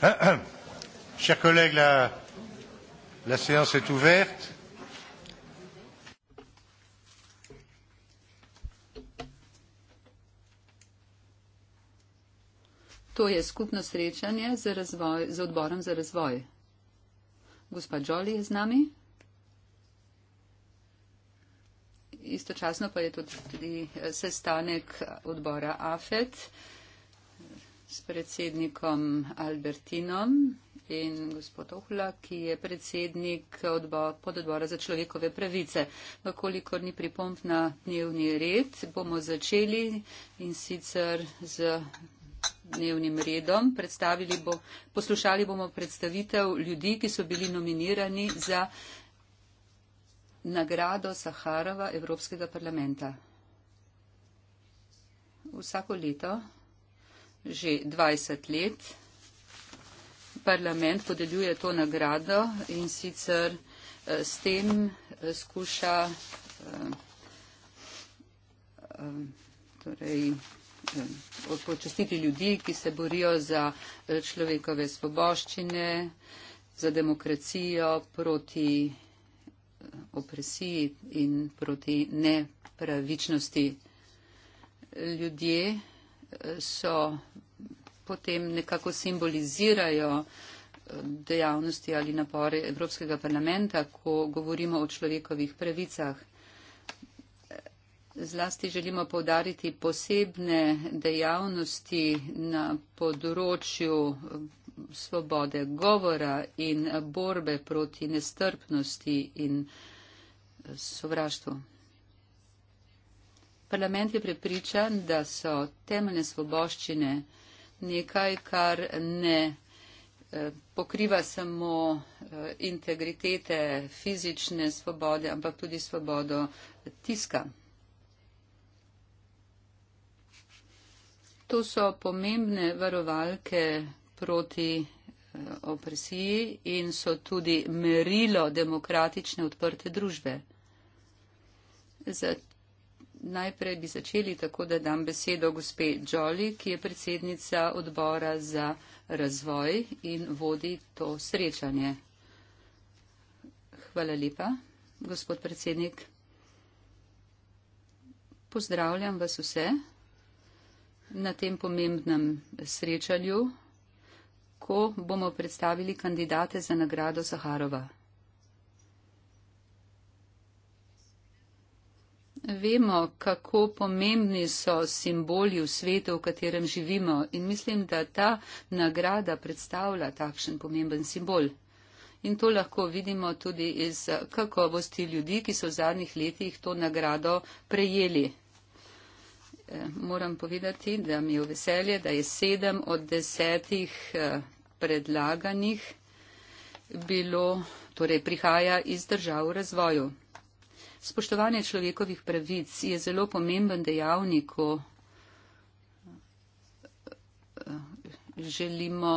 chers collègues la séance est ouverte. To je skupno srečanje z, razvoj, z odborom za razvoj. Gospa Jolie je z nami. Istočasno pa je to tudi eh, sestanek odbora AFET. Uh, predsednikom Albertinom in gospod Ohla, ki je predsednik odbor, pododbora za človekove pravice. Vkolikor ni pripomp na dnevni red, bomo začeli in sicer z dnevnim redom. Bo, poslušali bomo predstavitev ljudi, ki so bili nominirani za nagrado Saharova Evropskega parlamenta. Vsako leto že 20 let. Parlament podeljuje to nagrado in sicer eh, s tem eh, skuša eh, torej, počastiti ljudi, ki se borijo za človekove svoboščine, za demokracijo, proti opresiji in proti nepravičnosti. Ljudje so potem nekako simbolizirajo eh, dejavnosti ali napore Evropskega parlamenta, ko govorimo o človekovih pravicah. Zlasti želimo povdariti posebne dejavnosti na področju eh, svobode govora in borbe proti nestrpnosti in eh, sovraštvu. Parlament je prepričan, da so temeljne svoboščine nekaj, kar ne eh, pokriva samo eh, integritete fizične svobode, ampak tudi svobodo tiska. To so pomembne varovalke proti eh, opresiji in so tudi merilo demokratične odprte družbe. Zato Najprej bi začeli tako, da dam besedo gospe Džoli, ki je predsednica odbora za razvoj in vodi to srečanje. Hvala lepa, gospod predsednik. Pozdravljam vas vse na tem pomembnem srečanju, ko bomo predstavili kandidate za nagrado Saharova. vemo, kako pomembni so simboli v svetu, v katerem živimo in mislim, da ta nagrada predstavlja takšen pomemben simbol. In to lahko vidimo tudi iz kakovosti ljudi, ki so v zadnjih letih to nagrado prejeli. Eh, moram povedati, da mi je veselje, da je sedem od desetih eh, predlaganih bilo, torej prihaja iz držav v razvoju. Spoštovanje človekovih pravic je zelo pomemben dejavnik, ko eh, želimo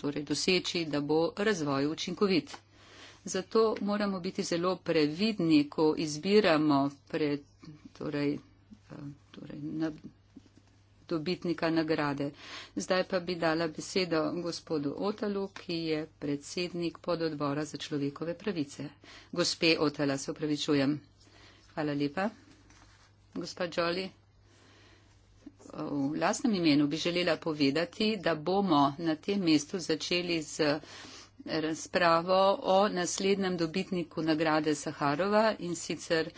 torej, doseči, da bo razvoj učinkovit. Zato moramo biti zelo previdni, ko izbiramo pred, torej, eh, torej, na, dobitnika nagrade. Zdaj pa bi dala besedo gospodu Otalu, ki je predsednik pododbora za človekove pravice. Gospe Otala, se upravičujem. Hvala lepa. Gospa Džoli, v lasnem imenu bi želela povedati, da bomo na tem mestu začeli z razpravo o naslednjem dobitniku nagrade Saharova in sicer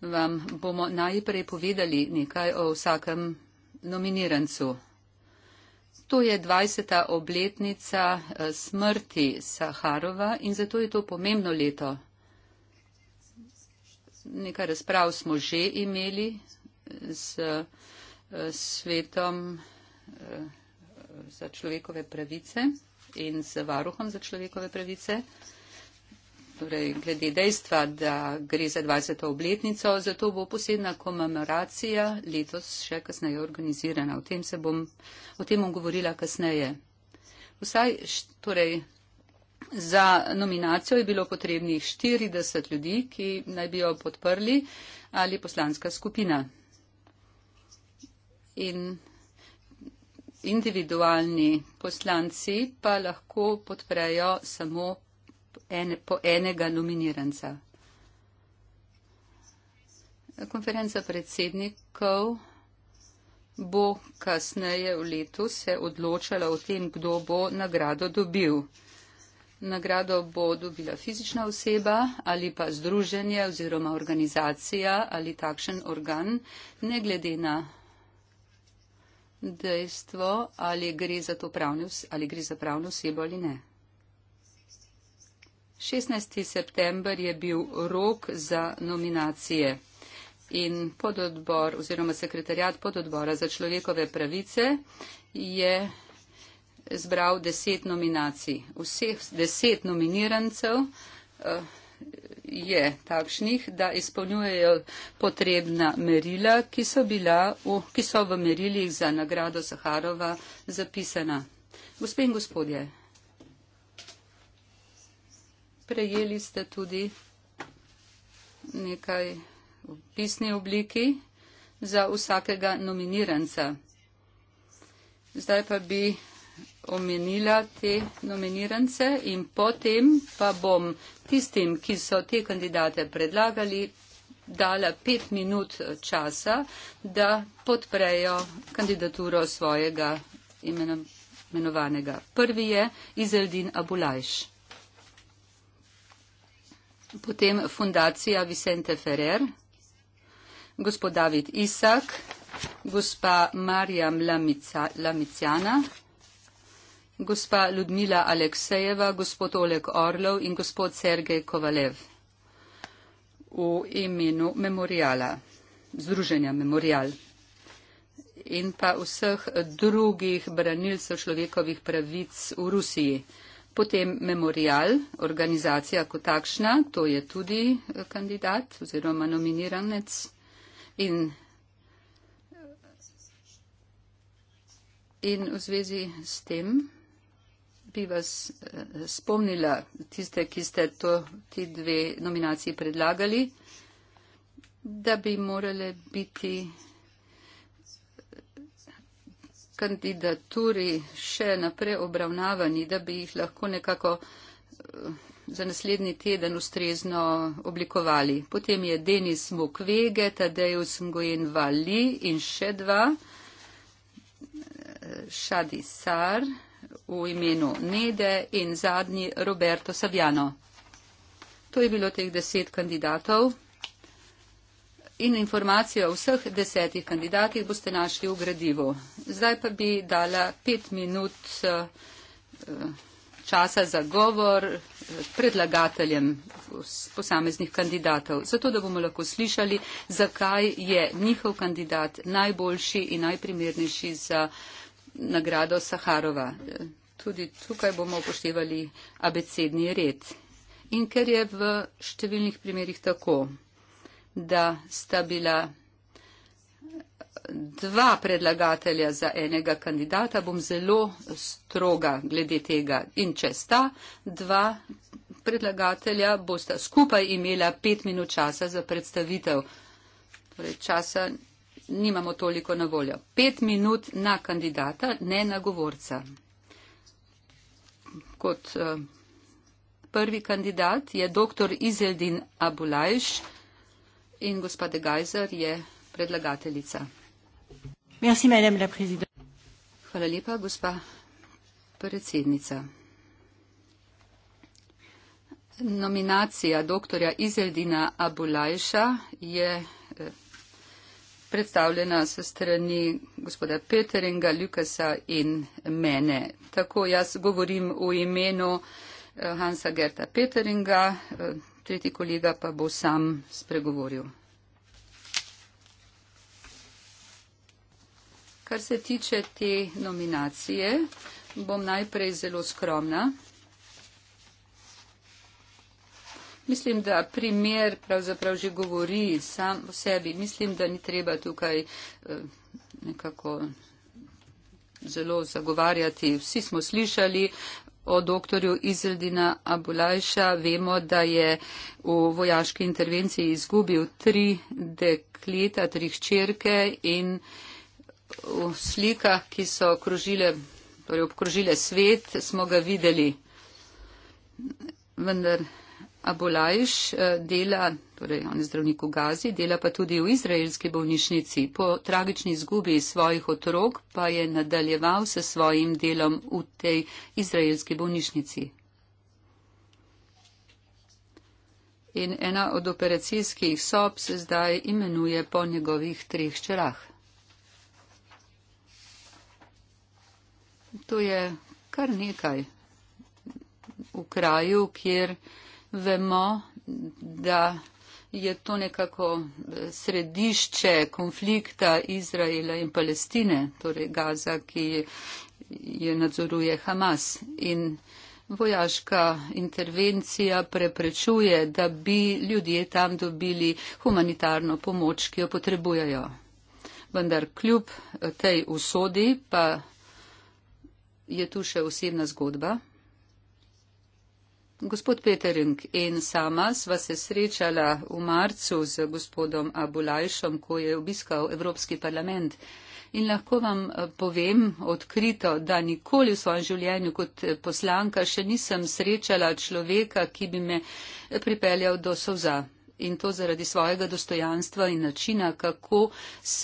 vam bomo najprej povedali nekaj o vsakem nominirancu. To je 20. obletnica eh, smrti Saharova in zato je to pomembno leto. Nekaj razprav smo že imeli s eh, svetom eh, za človekove pravice in z varuhom za človekove pravice torej, glede dejstva, da gre za 20. obletnico, zato bo posebna komemoracija letos še kasneje organizirana. O tem, bom, o tem bom govorila kasneje. Vsaj, torej, za nominacijo je bilo potrebnih 40 ljudi, ki naj bi jo podprli ali poslanska skupina. In individualni poslanci pa lahko podprejo samo en, po enega nominiranca. Konferenca predsednikov bo kasneje v letu se odločala o tem, kdo bo nagrado dobil. Nagrado bo dobila fizična oseba ali pa združenje oziroma organizacija ali takšen organ, ne glede na dejstvo, ali gre za, pravne, ali gre za pravno osebo ali ne. 16. september je bil rok za nominacije in pododbor oziroma sekretarjat pododbora za človekove pravice je zbral deset nominacij. Vseh deset nominirancev eh, je takšnih, da izpolnjujejo potrebna merila, ki so, bila, ki so v merilih za nagrado Saharova zapisana. Gospe in gospodje, prejeli ste tudi nekaj v pisni obliki za vsakega nominiranca. Zdaj pa bi omenila te nominirance in potem pa bom tistim, ki so te kandidate predlagali, dala pet minut časa, da podprejo kandidaturo svojega imenovanega. Prvi je Izeldin Abulajš potem Fundacija Vicente Ferrer, gospod David Isak, gospa Marjam Lamiciana, gospa Ludmila Aleksejeva, gospod Oleg Orlov in gospod Sergej Kovalev v imenu memoriala, Združenja memorial in pa vseh drugih branilcev človekovih pravic v Rusiji. Potem memorial, organizacija kot takšna, to je tudi eh, kandidat oziroma nominiranec. In, in v zvezi s tem bi vas eh, spomnila tiste, ki ste to, ti dve nominaciji predlagali, da bi morale biti kandidaturi še naprej obravnavani, da bi jih lahko nekako eh, za naslednji teden ustrezno oblikovali. Potem je Denis Mukwege, Tadeju Smgojen Vali in še dva, Šadi eh, Sar v imenu Nede in zadnji Roberto Saviano. To je bilo teh deset kandidatov in informacije o vseh desetih kandidatih boste našli v gradivu. Zdaj pa bi dala pet minut eh, časa za govor eh, predlagateljem posameznih kandidatov, zato da bomo lahko slišali, zakaj je njihov kandidat najboljši in najprimernejši za nagrado Saharova. Tudi tukaj bomo upoštevali abecedni red. In ker je v številnih primerjih tako, da sta bila dva predlagatelja za enega kandidata, bom zelo stroga glede tega. In če sta dva predlagatelja, bosta skupaj imela pet minut časa za predstavitev. Torej časa nimamo toliko na voljo. Pet minut na kandidata, ne na govorca. Kot uh, prvi kandidat je dr. Izeldin Abulajš. In gospa De Geyser je predlagateljica. Merci, la Hvala lepa, gospa predsednica. Nominacija doktorja Izeldina Abulajša je eh, predstavljena s strani gospoda Peteringa, Lukasa in mene. Tako jaz govorim v imenu eh, Hansa Gerta Peteringa, eh, Tretji kolega pa bo sam spregovoril. Kar se tiče te nominacije, bom najprej zelo skromna. Mislim, da primer pravzaprav že govori sam o sebi. Mislim, da ni treba tukaj eh, nekako zelo zagovarjati. Vsi smo slišali, o dr. Izeldina Abulajša vemo, da je v vojaški intervenciji izgubil tri dekleta, tri hčerke in slika, ki so krožile, torej obkrožile svet, smo ga videli. Vendar Abulajš eh, dela Torej, on je zdravnik v Gazi, dela pa tudi v izraelski bolnišnici. Po tragični izgubi svojih otrok pa je nadaljeval se svojim delom v tej izraelski bolnišnici. In ena od operacijskih sob se zdaj imenuje po njegovih treh čerah. To je kar nekaj v kraju, kjer vemo, da je to nekako eh, središče konflikta Izraela in Palestine, torej Gaza, ki je nadzoruje Hamas. In vojaška intervencija preprečuje, da bi ljudje tam dobili humanitarno pomoč, ki jo potrebujejo. Vendar kljub eh, tej usodi pa je tu še osebna zgodba. Gospod Petering in sama sva se srečala v marcu z gospodom Abulajšom, ko je obiskal Evropski parlament. In lahko vam eh, povem odkrito, da nikoli v svojem življenju kot eh, poslanka še nisem srečala človeka, ki bi me eh, pripeljal do soza. In to zaradi svojega dostojanstva in načina, kako,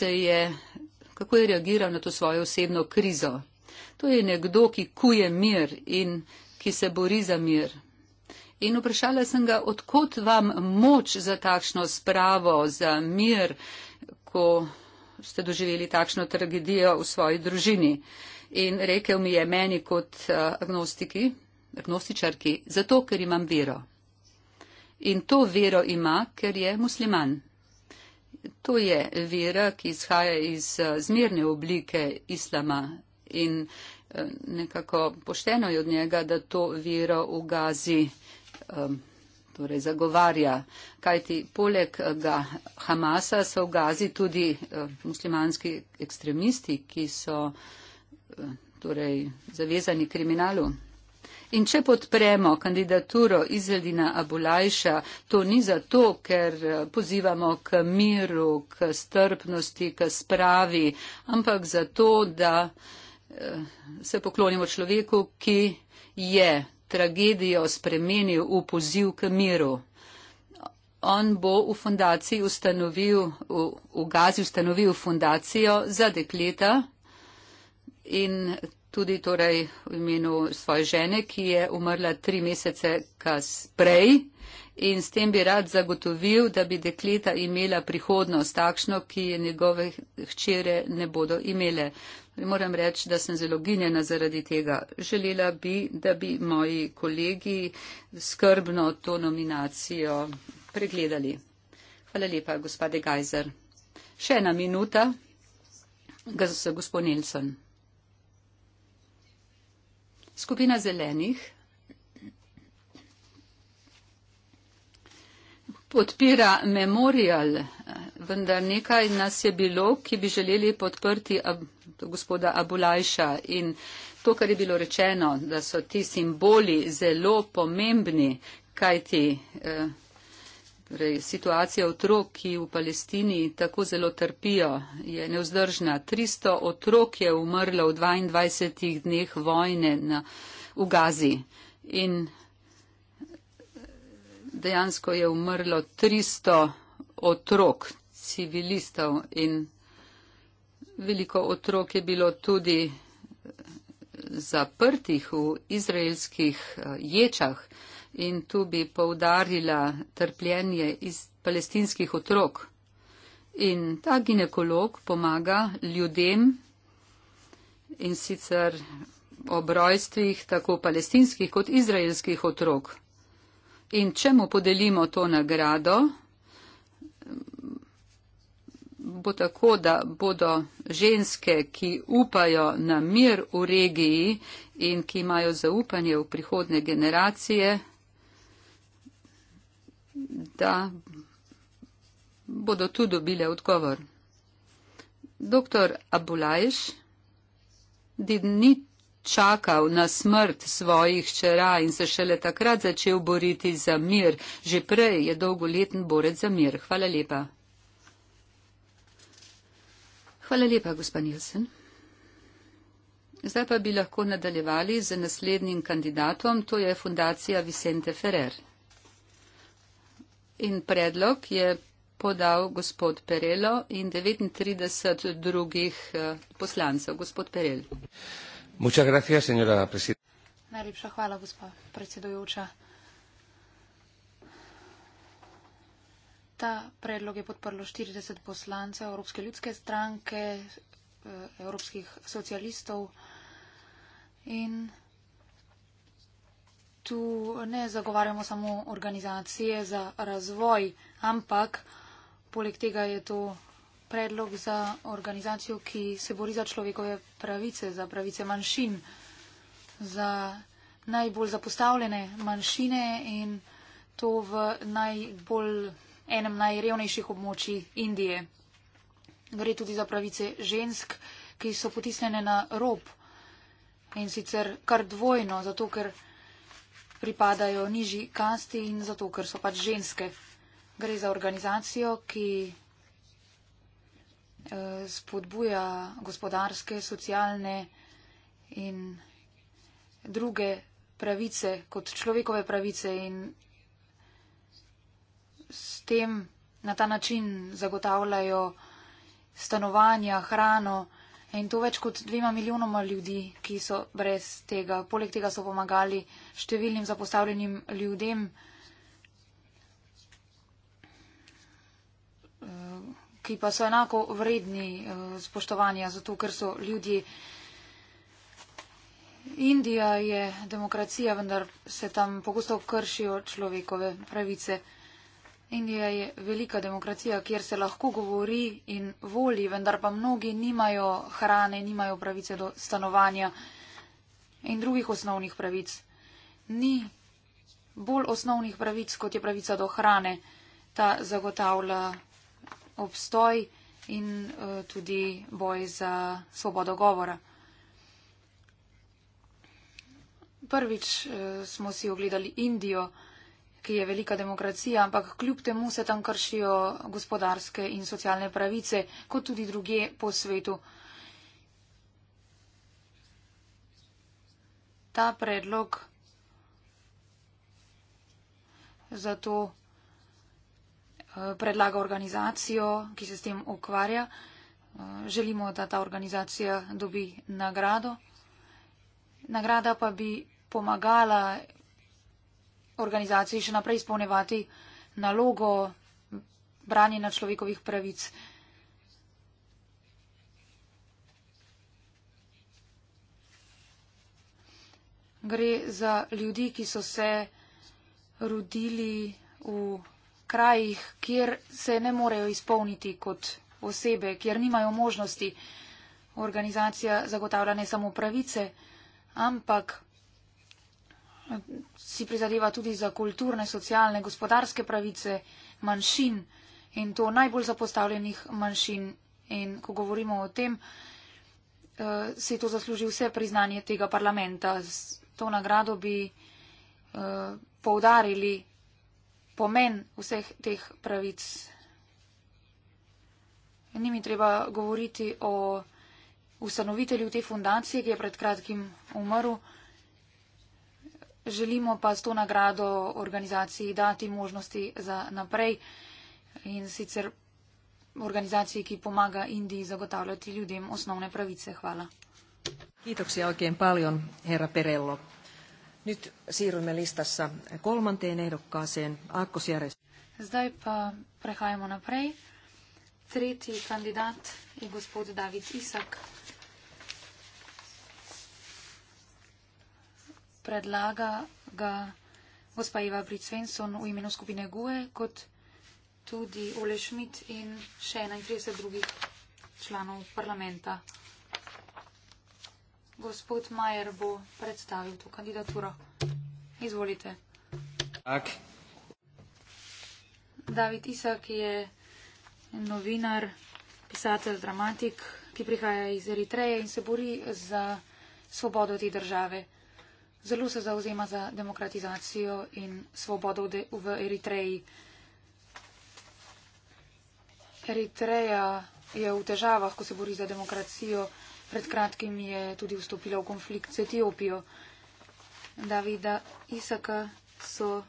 je, kako je reagiral na to svojo osebno krizo. To je nekdo, ki kuje mir in ki se bori za mir in vprašala sem ga, odkot vam moč za takšno spravo, za mir, ko ste doživeli takšno tragedijo v svoji družini. In rekel mi je meni kot eh, agnostiki, agnostičarki, zato ker imam vero. In to vero ima, ker je musliman. To je vera, ki izhaja iz eh, zmerne oblike islama in eh, nekako pošteno je od njega, da to vero v Gazi um, torej zagovarja. Kajti poleg eh, ga, Hamasa so v Gazi tudi uh, muslimanski ekstremisti, ki so uh, torej, zavezani kriminalu. In če podpremo kandidaturo Izredina Abulajša, to ni zato, ker pozivamo k miru, k strpnosti, k spravi, ampak zato, da se poklonimo človeku, ki je tragedijo spremenil v poziv k miru. On bo v fundaciji ustanovil, v, v Gazi ustanovil fundacijo za dekleta in tudi torej v imenu svoje žene, ki je umrla tri mesece kasprej. In s tem bi rad zagotovil, da bi dekleta imela prihodnost takšno, ki je njegove hčere ne bodo imele. Moram reči, da sem zelo ginjena zaradi tega. Želela bi, da bi moji kolegi skrbno to nominacijo pregledali. Hvala lepa, gospode Geiser. Še ena minuta. Gospod Nilsson. Skupina zelenih podpira memorial, vendar nekaj nas je bilo, ki bi želeli podprti gospoda Abulajša in to, kar je bilo rečeno, da so ti simboli zelo pomembni, kajti. Eh, Torej, situacija otrok, ki v Palestini tako zelo trpijo, je nevzdržna. 300 otrok je umrlo v 22 dneh vojne na, v Gazi in dejansko je umrlo 300 otrok, civilistov in veliko otrok je bilo tudi eh, zaprtih v izraelskih eh, ječah in tu bi povdarila trpljenje iz palestinskih otrok. In ta ginekolog pomaga ljudem in sicer ob rojstvih tako palestinskih kot izraelskih otrok. In če mu podelimo to nagrado, bo tako, da bodo ženske, ki upajo na mir v regiji in ki imajo zaupanje v prihodne generacije, da bodo tu dobile odgovor. Doktor Abulajš ni čakal na smrt svojih čera in se šele takrat začel boriti za mir. Že prej je dolgoleten borec za mir. Hvala lepa. Hvala lepa, gospa Nilsen. Zdaj pa bi lahko nadaljevali z naslednjim kandidatom, to je Fundacija Vicente Ferrer in predlog je podal gospod Perelo in 39 drugih eh, poslancev. Gospod Perel. Najlepša hvala, gospod predsedujoča. Ta predlog je podprlo 40 poslancev Evropske ljudske stranke, eh, evropskih socialistov in tu ne zagovarjamo samo organizacije za razvoj, ampak poleg tega je to predlog za organizacijo, ki se bori za človekove pravice, za pravice manjšin, za najbolj zapostavljene manjšine in to v najbolj enem najrevnejših območij Indije. Gre tudi za pravice žensk, ki so potisnjene na rob in sicer kar dvojno, zato ker pripadajo nižji kasti in zato, ker so pač ženske. Gre za organizacijo, ki eh, spodbuja gospodarske, socialne in druge pravice kot človekove pravice in s tem na ta način zagotavljajo stanovanja, hrano. In to več kot dvema milijonoma ljudi, ki so brez tega. Poleg tega so pomagali številnim zapostavljenim ljudem, eh, ki pa so enako vredni eh, spoštovanja, zato ker so ljudje. Indija je demokracija, vendar se tam pogosto kršijo človekove pravice. Indija je velika demokracija, kjer se lahko govori in voli, vendar pa mnogi nimajo hrane, nimajo pravice do stanovanja in drugih osnovnih pravic. Ni bolj osnovnih pravic, kot je pravica do hrane. Ta zagotavlja obstoj in uh, tudi boj za svobodo govora. Prvič uh, smo si ogledali Indijo ki je velika demokracija, ampak kljub temu se tam kršijo gospodarske in socialne pravice, kot tudi druge po svetu. Ta predlog zato eh, predlaga organizacijo, ki se s tem ukvarja. Eh, želimo, da ta organizacija dobi nagrado. Nagrada pa bi pomagala organizaciji še naprej izpolnevati nalogo branjenja človekovih pravic. Gre za ljudi, ki so se rodili v krajih, kjer se ne morejo izpolniti kot osebe, kjer nimajo možnosti. Organizacija zagotavlja ne samo pravice, ampak si prizadeva tudi za kulturne, socialne, gospodarske pravice manjšin in to najbolj zapostavljenih manjšin. In ko govorimo o tem, eh, si to zasluži vse priznanje tega parlamenta. S to nagrado bi eh, poudarili pomen vseh teh pravic. Ni mi treba govoriti o ustanovitelju te fundacije, ki je pred kratkim umrl. Želimo pa s to nagrado organizaciji dati možnosti za naprej in sicer organizaciji, ki pomaga Indiji zagotavljati ljudem osnovne pravice. Hvala. Kiitoksia oikein paljon, herra Perello. Nyt siirrymme listassa kolmanteen ehdokkaaseen, Aakkosjärjestö. Zdaj pa prehajamo naprej. Tretji kandidaat, gospod David Isak. predlaga ga gospa Iva Bricvenson v imenu skupine GUE, kot tudi Ole Schmidt in še 31 drugih članov parlamenta. Gospod Majer bo predstavil to kandidaturo. Izvolite. Tak. David Isak je novinar, pisatelj, dramatik, ki prihaja iz Eritreje in se bori za svobodo te države zelo se zauzema za demokratizacijo in svobodo v Eritreji. Eritreja je v težavah, ko se bori za demokracijo. Pred kratkim je tudi vstopila v konflikt z Etiopijo. Davida Isaka so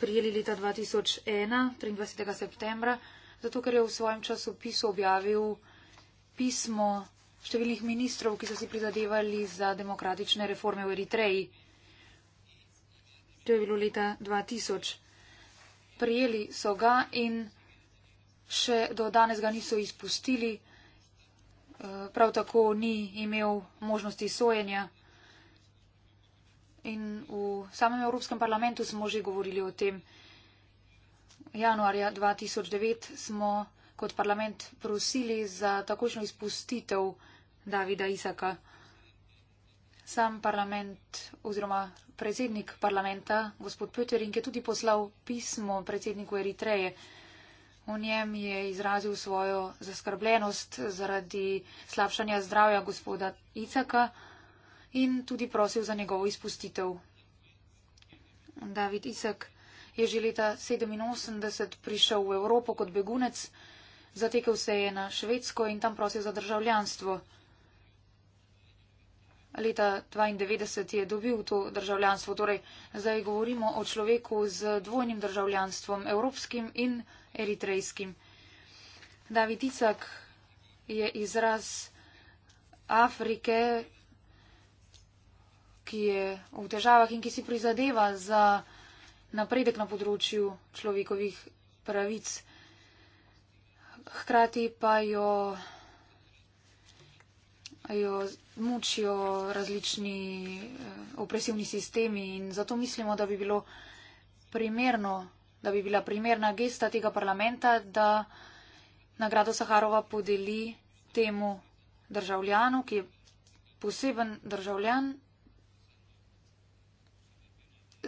prijeli leta 2001, 23. septembra, zato ker je v svojem času pisal objavil pismo številnih ministrov, ki so si prizadevali za demokratične reforme v Eritreji. To je bilo leta 2000. Prijeli so ga in še do danes ga niso izpustili. Eh, prav tako ni imel možnosti sojenja. In v samem Evropskem parlamentu smo že govorili o tem. Januarja 2009 smo kot parlament prosili za takošno izpustitev Davida Isaka. Sam parlament oziroma predsednik parlamenta, gospod Pötering, je tudi poslal pismo predsedniku Eritreje. V njem je izrazil svojo zaskrbljenost zaradi slabšanja zdravja gospoda Isaka in tudi prosil za njegovo izpustitev. David Isak je že leta 1987 prišel v Evropo kot begunec. Zatekel se je na Švedsko in tam prosil za državljanstvo. Leta 92 je dobil to državljanstvo, torej zdaj govorimo o človeku z dvojnim državljanstvom, evropskim in eritrejskim. David Icak je izraz Afrike, ki je v težavah in ki si prizadeva za napredek na področju človekovih pravic hkrati pa jo, jo mučijo različni eh, opresivni sistemi in zato mislimo, da bi bilo primerno, da bi bila primerna gesta tega parlamenta, da nagrado Saharova podeli temu državljanu, ki je poseben državljan,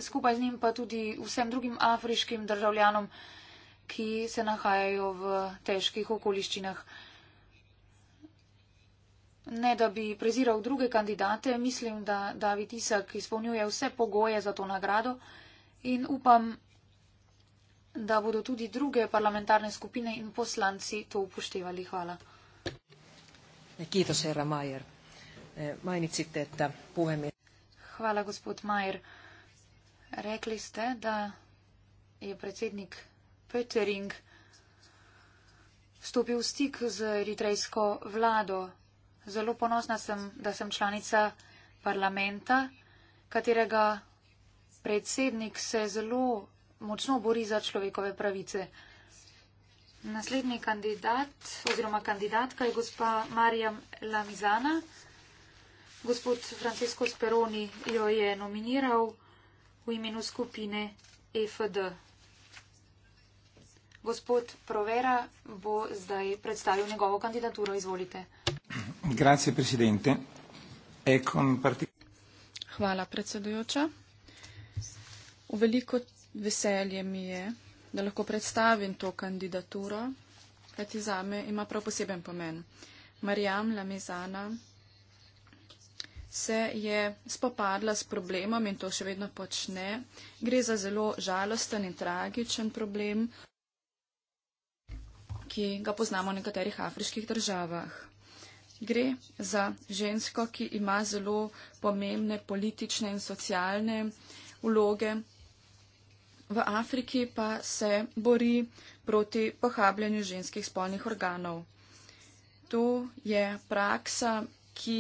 skupaj z njim pa tudi vsem drugim afriškim državljanom, ki se nahajajo v težkih okoliščinah. Ne, da bi preziral druge kandidate, mislim, da David Isak izpolnjuje vse pogoje za to nagrado in upam, da bodo tudi druge parlamentarne skupine in poslanci to upoštevali. Hvala. Ja, kiitos, herra Majer. Eh, Mainitsite, da puhemir. Hvala, gospod Majer. Rekli ste, da je predsednik Petering stopil v stik z eritrejsko vlado. Zelo ponosna sem, da sem članica parlamenta, katerega predsednik se zelo močno bori za človekove pravice. Naslednji kandidat oziroma kandidatka je gospa Marijam Lamizana. Gospod Francesco Speroni jo je nominiral v imenu skupine EFD. Gospod Provera bo zdaj predstavil njegovo kandidaturo. Izvolite. Grazie, presidente. Ekon parti... Hvala, predsedujoča. V veliko veselje mi je, da lahko predstavim to kandidaturo, kajti za me ima prav poseben pomen. Marjam Lamezana se je spopadla s problemom in to še vedno počne. Gre za zelo žalosten in tragičen problem ki ga poznamo v nekaterih afriških državah. Gre za žensko, ki ima zelo pomembne politične in socialne vloge. V Afriki pa se bori proti pohabljanju ženskih spolnih organov. To je praksa, ki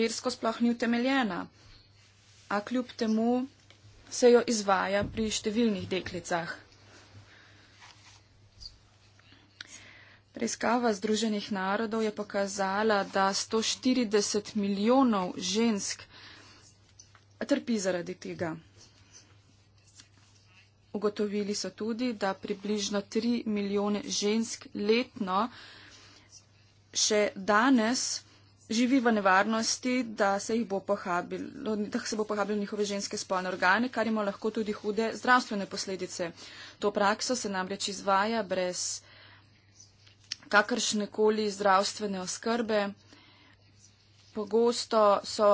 versko sploh ni utemeljena, a kljub temu se jo izvaja pri številnih deklicah. Preiskava Združenih narodov je pokazala, da 140 milijonov žensk trpi zaradi tega. Ugotovili so tudi, da približno 3 milijone žensk letno še danes živi v nevarnosti, da se, bo pohabilo, da se bo pohabil njihove ženske spolne organe, kar ima lahko tudi hude zdravstvene posledice. To prakso se namreč izvaja brez kakršne koli zdravstvene oskrbe. Pogosto so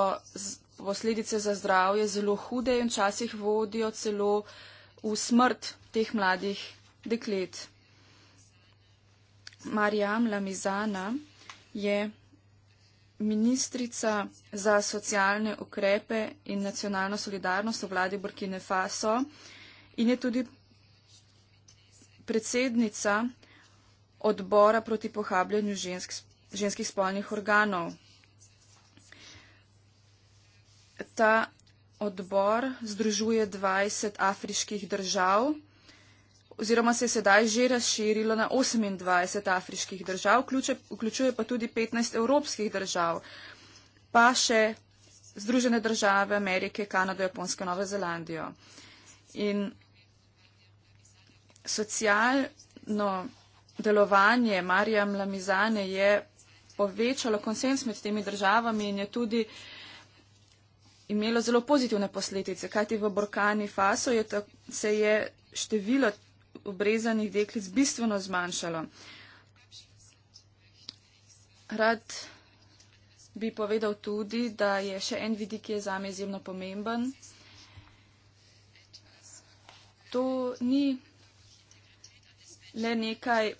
posledice za zdravje zelo hude in včasih vodijo celo v smrt teh mladih deklet. Marijam Lamizana je ministrica za socialne ukrepe in nacionalno solidarnost v vladi Burkine Faso in je tudi predsednica odbora proti pohabljanju žensk, ženskih spolnih organov. Ta odbor združuje 20 afriških držav oziroma se je sedaj že razširilo na 28 afriških držav, vključe, vključuje pa tudi 15 evropskih držav, pa še Združene države Amerike, Kanado, Japonsko, Novo Zelandijo. In socialno delovanje Marija Mlamizane je povečalo konsens med temi državami in je tudi imelo zelo pozitivne posledice, kajti v Borkani Faso je to, se je število obrezanih deklic bistveno zmanjšalo. Rad bi povedal tudi, da je še en vidik, ki je zame izjemno pomemben. To ni le nekaj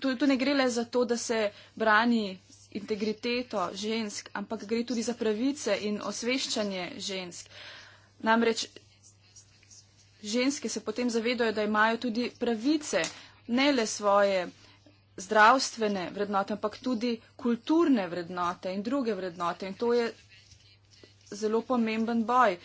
to, to ne gre le za to, da se brani integriteto žensk, ampak gre tudi za pravice in osveščanje žensk. Namreč ženske se potem zavedajo, da imajo tudi pravice, ne le svoje zdravstvene vrednote, ampak tudi kulturne vrednote in druge vrednote. In to je zelo pomemben boj.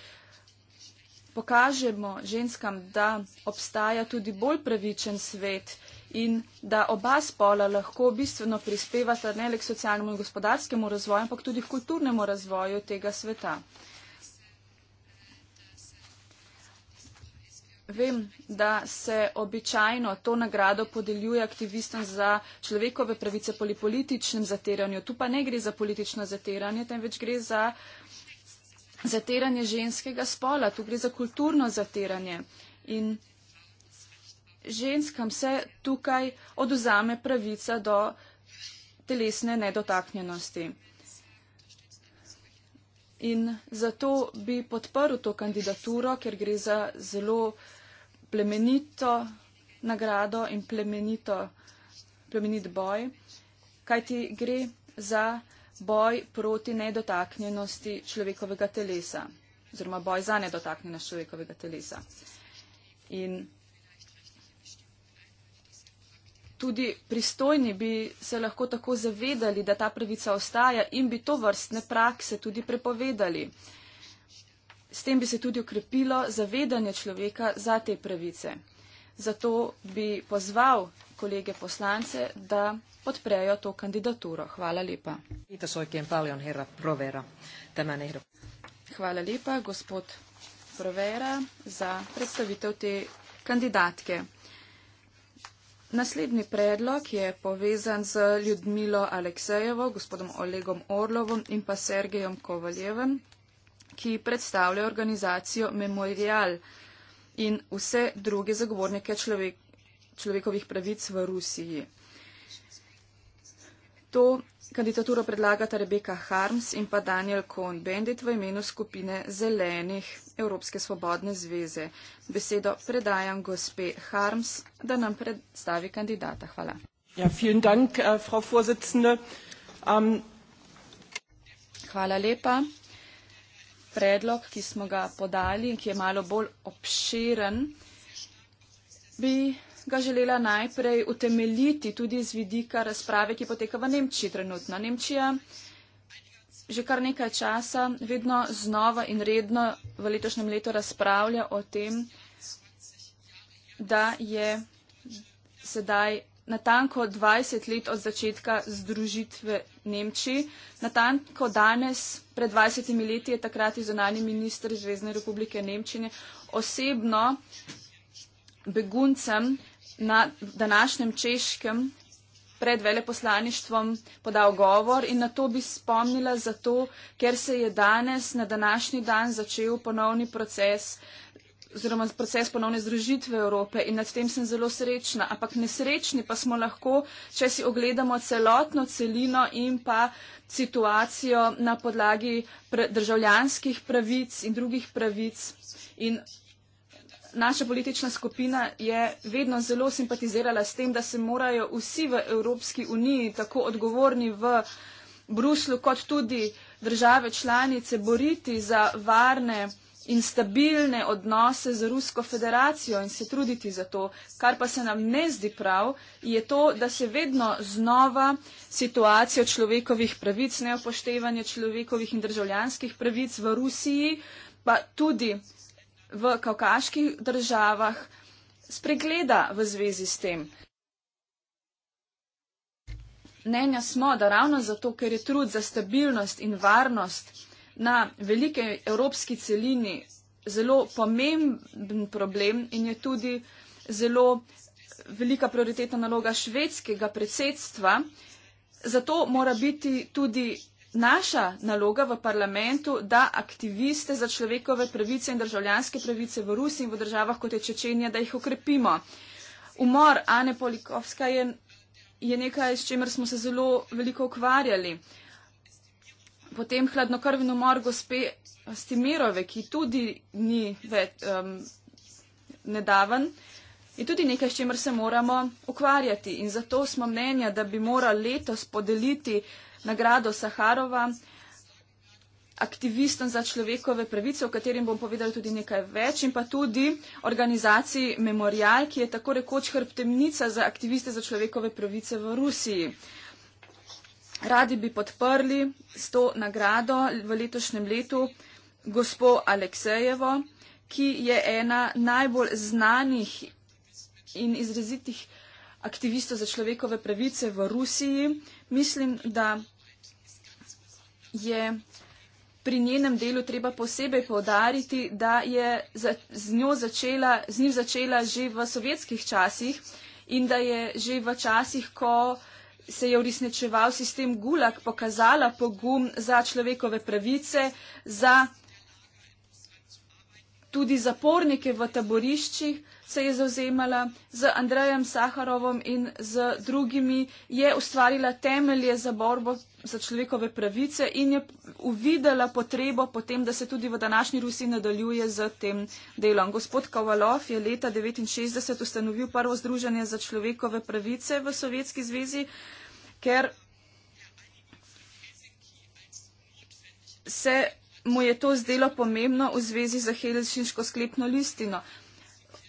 Pokažemo ženskam, da obstaja tudi bolj pravičen svet, in da oba spola lahko bistveno prispevata ne le k socialnemu in gospodarskemu razvoju, ampak tudi k kulturnemu razvoju tega sveta. Vem, da se običajno to nagrado podeljuje aktivistom za človekove pravice po političnem zateranju. Tu pa ne gre za politično zateranje, temveč gre za zateranje ženskega spola. Tu gre za kulturno zateranje. In ženskam se tukaj oduzame pravica do telesne nedotaknjenosti. In zato bi podprl to kandidaturo, ker gre za zelo plemenito nagrado in plemenito, plemenit boj, kajti gre za boj proti nedotaknjenosti človekovega telesa oziroma boj za nedotaknjenost človekovega telesa. In tudi pristojni bi se lahko tako zavedali, da ta pravica ostaja in bi to vrstne prakse tudi prepovedali. S tem bi se tudi ukrepilo zavedanje človeka za te pravice. Zato bi pozval kolege poslance, da podprejo to kandidaturo. Hvala lepa. Hvala lepa, gospod Provera, za predstavitev te kandidatke. Naslednji predlog je povezan z Ljudmilo Aleksejevo, gospodom Olegom Orlovom in pa Sergejem Kovaljevem, ki predstavlja organizacijo Memorial in vse druge zagovornike človek, človekovih pravic v Rusiji. To Kandidaturo predlagata Rebeka Harms in pa Daniel Cohn-Bendit v imenu skupine Zelenih Evropske svobodne zveze. Besedo predajam gospe Harms, da nam predstavi kandidata. Hvala. Ja, dank, um... Hvala lepa. Predlog, ki smo ga podali in ki je malo bolj obširen, bi ga želela najprej utemeljiti tudi z vidika razprave, ki poteka v Nemčiji trenutno. Nemčija že kar nekaj časa vedno znova in redno v letošnjem letu razpravlja o tem, da je sedaj natanko 20 let od začetka združitve Nemčiji. Natanko danes, pred 20 leti, je takrat izonani minister Zvezdne republike Nemčije osebno beguncem na današnjem češkem pred veleposlaništvom podal govor in na to bi spomnila zato, ker se je danes, na današnji dan začel ponovni proces oziroma proces ponovne združitve Evrope in nad tem sem zelo srečna, ampak nesrečni pa smo lahko, če si ogledamo celotno celino in pa situacijo na podlagi državljanskih pravic in drugih pravic in naša politična skupina je vedno zelo simpatizirala s tem, da se morajo vsi v Evropski uniji, tako odgovorni v Bruslu, kot tudi države članice, boriti za varne in stabilne odnose z Rusko federacijo in se truditi za to. Kar pa se nam ne zdi prav, je to, da se vedno znova situacijo človekovih pravic, neopoštevanje človekovih in državljanskih pravic v Rusiji, pa tudi v kavkaških državah spregleda v zvezi s tem. Mnenja smo, da ravno zato, ker je trud za stabilnost in varnost na velike evropski celini zelo pomemben problem in je tudi zelo velika prioriteta naloga švedskega predsedstva, zato mora biti tudi naša naloga v parlamentu, da aktiviste za človekove pravice in državljanske pravice v Rusiji in v državah kot je Čečenija, da jih okrepimo. Umor Ane Polikovska je, je nekaj, s čimer smo se zelo veliko ukvarjali. Potem hladnokrven umor gospe Stimirove, ki tudi ni več um, nedaven, je tudi nekaj, s čimer se moramo ukvarjati. In zato smo mnenja, da bi moral letos podeliti nagrado Saharova aktivistom za človekove pravice, o katerim bom povedala tudi nekaj več, in pa tudi organizaciji Memorial, ki je tako rekoč hrbtemnica za aktiviste za človekove pravice v Rusiji. Radi bi podprli s to nagrado v letošnjem letu gospo Aleksejevo, ki je ena najbolj znanih in izrazitih aktivistov za človekove pravice v Rusiji. Mislim, da je pri njenem delu treba posebej povdariti, da je z njo začela, z njim začela že v sovjetskih časih in da je že v časih, ko se je uresničeval sistem Gulag, pokazala pogum za človekove pravice, za tudi zapornike v taboriščih se je zauzemala z Andrejem Saharovom in z drugimi, je ustvarila temelje za borbo za človekove pravice in je uvidela potrebo potem, da se tudi v današnji Rusiji nadaljuje z tem delom. Gospod Kovalov je leta 1969 ustanovil prvo združenje za človekove pravice v Sovjetski zvezi, ker se mu je to zdelo pomembno v zvezi z Helsinško sklepno listino.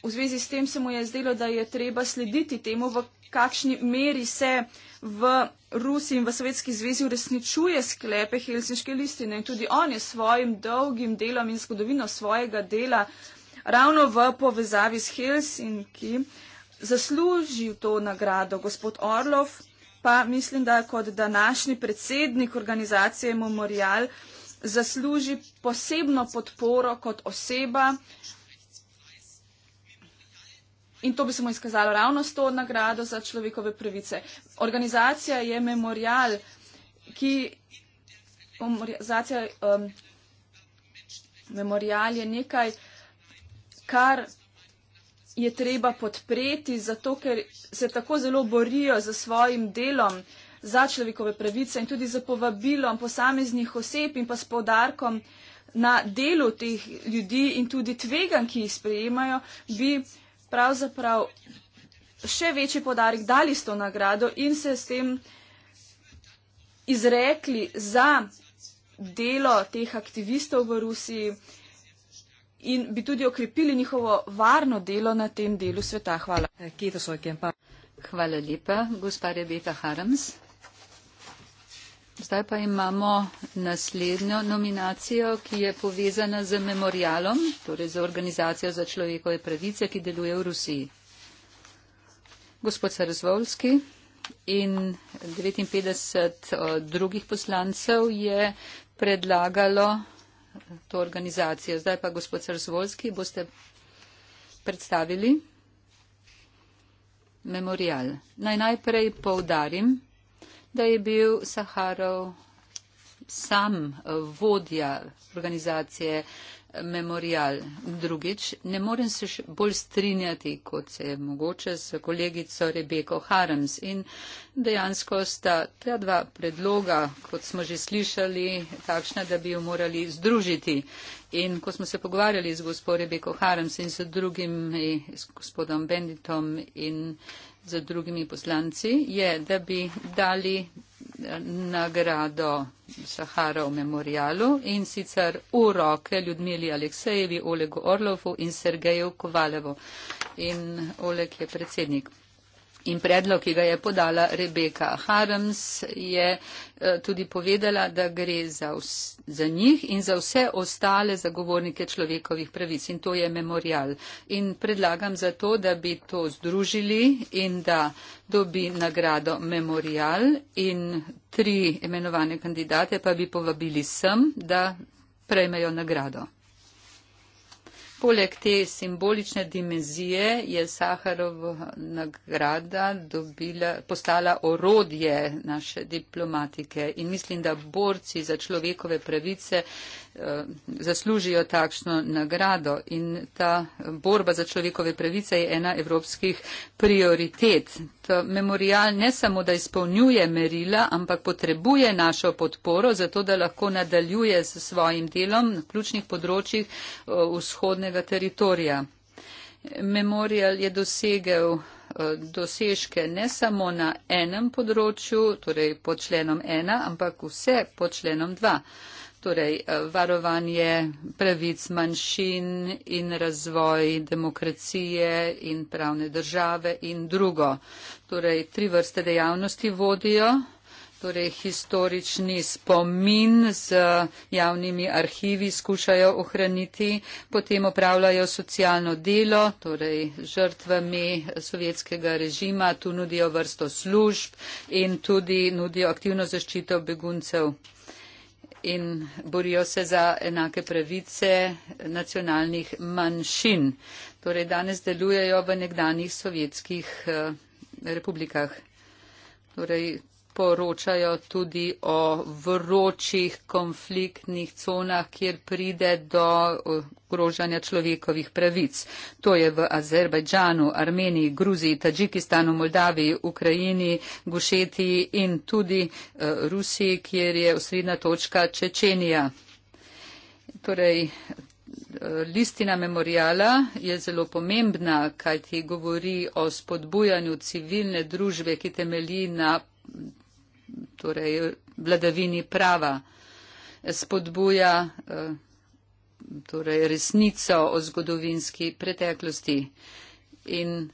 V zvezi s tem se mu je zdelo, da je treba slediti temu, v kakšni meri se v Rusi in v Sovjetski zvezi uresničuje sklepe Helsinške listine in tudi on je s svojim dolgim delom in zgodovino svojega dela ravno v povezavi s Helsinki zaslužil to nagrado. Gospod Orlov pa mislim, da kot današnji predsednik organizacije Memorial zasluži posebno podporo kot oseba, In to bi se mu izkazalo ravno s to nagrado za človekove pravice. Organizacija je memorial, ki. Organizacija, um, memorial je nekaj, kar je treba podpreti, zato ker se tako zelo borijo za svojim delom, za človekove pravice in tudi za povabilom posameznih oseb in pa s podarkom na delu teh ljudi in tudi tvegan, ki jih sprejemajo, bi uh, pravzaprav še večji podarek dali s to nagrado in se s tem izrekli za delo teh aktivistov v Rusiji in bi tudi okrepili njihovo varno delo na tem delu sveta. Hvala. Hvala lepa, gospa Rebeta Harams. Zdaj pa imamo naslednjo nominacijo, ki je povezana z memorialom, torej z organizacijo za človekove pravice, ki deluje v Rusiji. Gospod Sarzvolski in 59 drugih poslancev je predlagalo to organizacijo. Zdaj pa gospod Sarzvolski boste predstavili memorial. Naj najprej poudarim, da je bil Saharov sam vodja organizacije Memorial. Drugič, ne morem se še bolj strinjati, kot se je mogoče s kolegico Rebeko Harms. In dejansko sta ta dva predloga, kot smo že slišali, takšna, da bi jo morali združiti. In ko smo se pogovarjali z gospod Rebeko Harms in s drugim, s gospodom Benditom in z drugimi poslanci, je, da bi dali eh, nagrado Saharov memorialu in sicer v roke Ljudmili Aleksejevi, Olegu Orlovu in Sergeju Kovalevu. In Oleg je predsednik. In predlog, ki ga je podala Rebeka Harms, je eh, tudi povedala, da gre za, vs, za njih in za vse ostale zagovornike človekovih pravic. In to je memorial. In predlagam zato, da bi to združili in da dobi nagrado memorial in tri imenovane kandidate pa bi povabili sem, da prejmejo nagrado. Poleg te simbolične dimenzije je Saharova nagrada dobila, postala orodje naše diplomatike in mislim, da borci za človekove pravice Eh, zaslužijo takšno nagrado. In ta borba za človekove pravice je ena evropskih prioritet. Ta memorial ne samo, da izpolnjuje merila, ampak potrebuje našo podporo, zato da lahko nadaljuje s svojim delom na ključnih področjih eh, vzhodnega teritorija. Memorial je dosegel eh, dosežke ne samo na enem področju, torej pod členom 1, ampak vse pod členom 2 torej eh, varovanje pravic manjšin in razvoj demokracije in pravne države in drugo. Torej, tri vrste dejavnosti vodijo, torej historični spomin z javnimi arhivi skušajo ohraniti, potem opravljajo socialno delo, torej žrtvami sovjetskega režima, tu nudijo vrsto služb in tudi nudijo aktivno zaščito beguncev in borijo se za enake pravice nacionalnih manjšin. Torej, danes delujejo v nekdanjih sovjetskih eh, republikah. Torej, poročajo tudi o vročih konfliktnih conah, kjer pride do eh, ogrožanja človekovih pravic. To je v Azerbajdžanu, Armeniji, Gruziji, Tadžikistanu, Moldaviji, Ukrajini, Gušetiji in tudi eh, Rusiji, kjer je osrednja točka Čečenija. Torej, eh, Listina memoriala je zelo pomembna, kaj ti govori o spodbujanju civilne družbe, ki temelji na torej vladavini prava, spodbuja eh, torej resnico o zgodovinski preteklosti in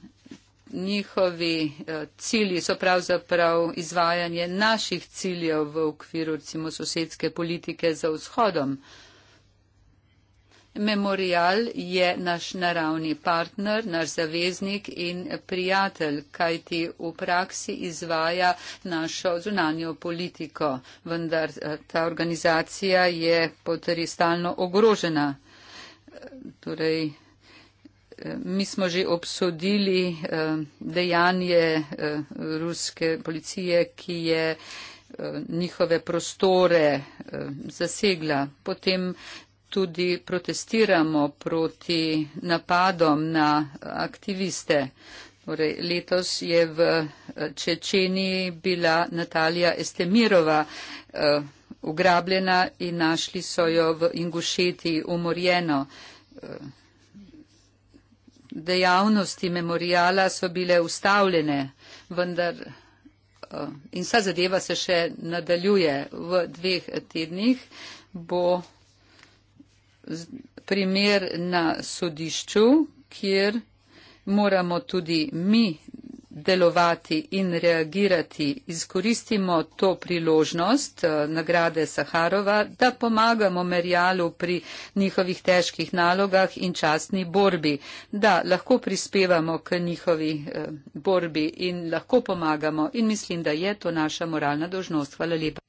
njihovi eh, cilji so pravzaprav izvajanje naših ciljev v okviru recimo sosedske politike za vzhodom. Memorial je naš naravni partner, naš zaveznik in prijatelj, kajti v praksi izvaja našo zunanjo politiko, vendar eh, ta organizacija je potristalno ogrožena. Torej, eh, mi smo že obsodili eh, dejanje ruske policije, ki je njihove prostore zasegla. Potem tudi protestiramo proti napadom na aktiviste. Torej, letos je v eh, Čečeniji bila Natalija Estemirova uh, ugrabljena in našli so jo v Ingušeti umorjeno. Eh, dejavnosti memoriala so bile ustavljene, vendar uh, in vsa zadeva se še nadaljuje v dveh tednih. Bo primer na sodišču, kjer moramo tudi mi delovati in reagirati. Izkoristimo to priložnost eh, nagrade Saharova, da pomagamo Merjalu pri njihovih težkih nalogah in časni borbi, da lahko prispevamo k njihovi eh, borbi in lahko pomagamo. In mislim, da je to naša moralna dožnost. Hvala lepa.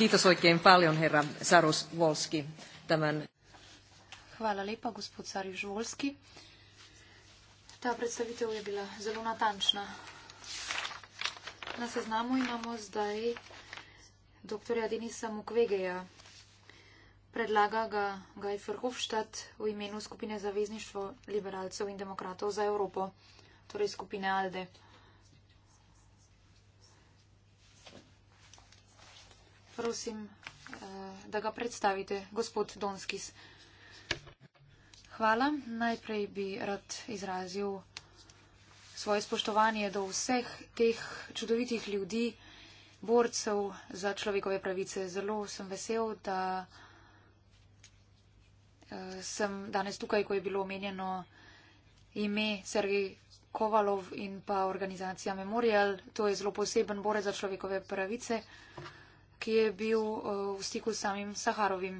Kiitos oikein paljon, herra Sarus Volski, tämän. Hvala lepa, gospod Sarus Volski. Ta predstavitev je bila zelo natančna. Na seznamu imamo zdaj dr. Denisa Mukvegeja. Predlaga ga Gaj Ferhofstadt v imenu skupine Zavezništvo liberalcev in demokratov za Evropo, torej skupine Alde. prosim, eh, da ga predstavite, gospod Donskis. Hvala. Najprej bi rad izrazil svoje spoštovanje do vseh teh čudovitih ljudi, borcev za človekove pravice. Zelo sem vesel, da eh, sem danes tukaj, ko je bilo omenjeno ime Sergej Kovalov in pa organizacija Memorial. To je zelo poseben borec za človekove pravice ki je bil eh, v stiku s samim Saharovim.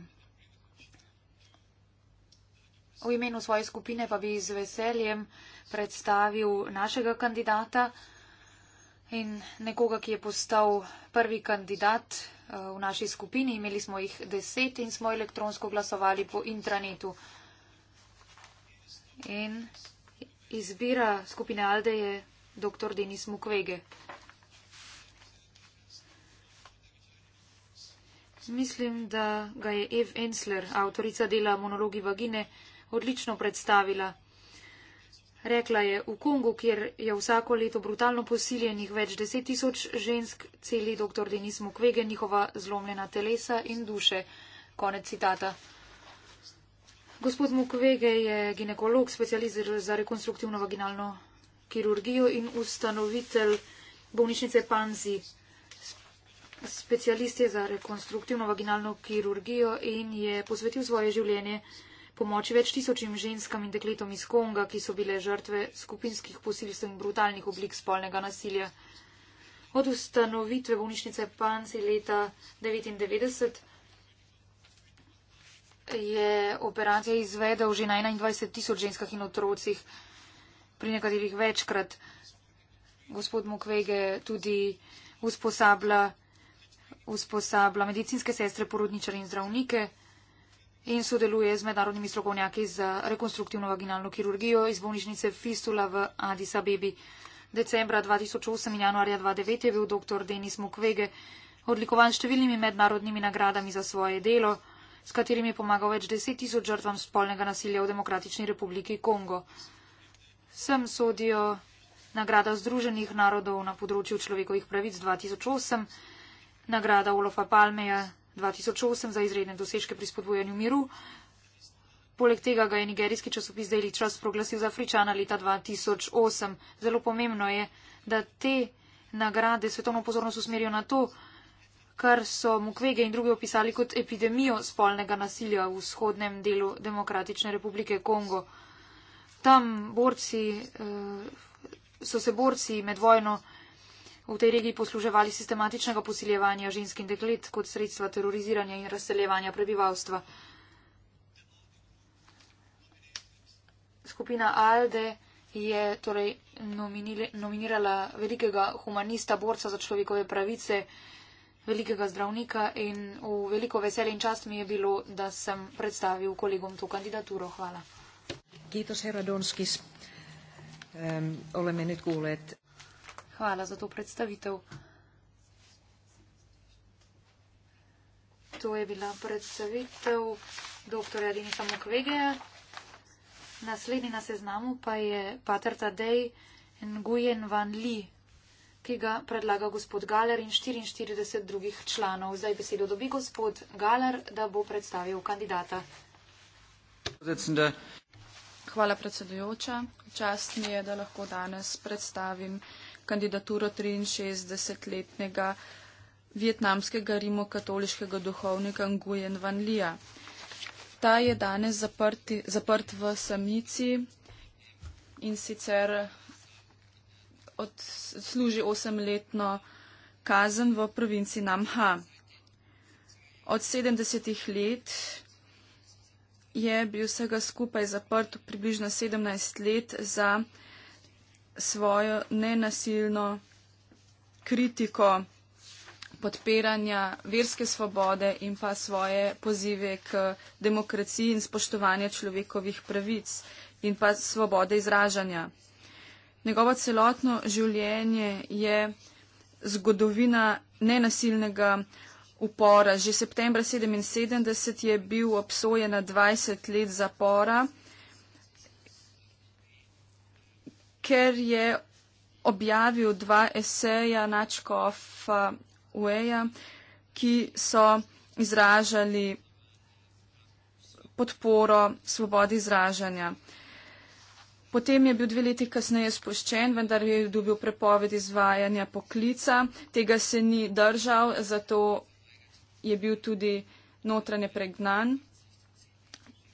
V imenu svoje skupine pa bi z veseljem predstavil našega kandidata in nekoga, ki je postal prvi kandidat eh, v naši skupini. Imeli smo jih deset in smo elektronsko glasovali po intranetu. In izbira skupine Alde je dr. Denis Mukwege. Mislim, da ga je Ev Ensler, avtorica dela Monologi Vagine, odlično predstavila. Rekla je, v Kongu, kjer je vsako leto brutalno posiljenih več deset tisoč žensk, celi dr. Denis Mukwege njihova zlomljena telesa in duše. Konec citata. Gospod Mukwege je ginekolog, specialist za rekonstruktivno vaginalno kirurgijo in ustanovitelj bolnišnice Panzi. Specialist je za rekonstruktivno vaginalno kirurgijo in je posvetil svoje življenje pomoči več tisočim ženskam in dekletom iz Konga, ki so bile žrtve skupinskih posilstv in brutalnih oblik spolnega nasilja. Od ustanovitve bolnišnice Panci leta 1999 je operacije izvedel že na 21 tisoč ženskah in otrocih, pri nekaterih večkrat. Gospod Mukwege tudi usposablja usposablja medicinske sestre, porodničare in zdravnike in sodeluje z mednarodnimi strokovnjaki za rekonstruktivno vaginalno kirurgijo iz bolnišnice Fistula v Addis Abebi. Decembra 2008 in januarja 2009 je bil dr. Denis Mukwege odlikovan številnimi mednarodnimi nagradami za svoje delo, s katerimi je pomagal več deset tisoč žrtvam spolnega nasilja v Demokratični republiki Kongo. Sem sodijo nagrada Združenih narodov na področju človekovih pravic 2008. Nagrada Olofa Palmeja 2008 za izredne dosežke pri spodbujanju miru. Poleg tega ga je nigerijski časopis Daily Trust proglasil za Afričana leta 2008. Zelo pomembno je, da te nagrade svetovno pozornost usmerijo na to, kar so Mukvege in drugi opisali kot epidemijo spolnega nasilja v vzhodnem delu Demokratične republike Kongo. Tam borci, eh, so se borci med vojno V tej regiji posluževali sistematičnega posiljevanja žensk in deklet kot sredstva teroriziranja in razseljevanja prebivalstva. Skupina Alde je torej nominirala velikega humanista, borca za človekove pravice, velikega zdravnika in v veliko veselje in čast mi je bilo, da sem predstavil kolegom to kandidaturo. Hvala. Kiitos, herra Donskis. Olemme nyt kuulleet Hvala za to predstavitev. To je bila predstavitev dr. Denisa Mukvegeja. Naslednji na seznamu pa je Pater Tadej Nguyen Van Li, ki ga predlaga gospod Galer in 44 drugih članov. Zdaj besedo dobi gospod Galer, da bo predstavil kandidata. Hvala predsedujoča. Čast mi je, da lahko danes predstavim kandidaturo 63-letnega vietnamskega rimokatoliškega duhovnika Nguyen Van Lija. Ta je danes zaprti, zaprt v samici in sicer od, služi osemletno kazen v provinci Namha. Od 70 let je bil vsega skupaj zaprt približno 17 let za svojo nenasilno kritiko podpiranja verske svobode in pa svoje pozive k demokraciji in spoštovanju človekovih pravic in pa svobode izražanja. Njegovo celotno življenje je zgodovina nenasilnega upora. Že septembra 1977 je bil obsojen na 20 let zapora. ker je objavil dva eseja Načkofa Ueja, ki so izražali podporo svobodi izražanja. Potem je bil dve leti kasneje spuščen, vendar je dobil prepoved izvajanja poklica. Tega se ni držal, zato je bil tudi notranje pregnan,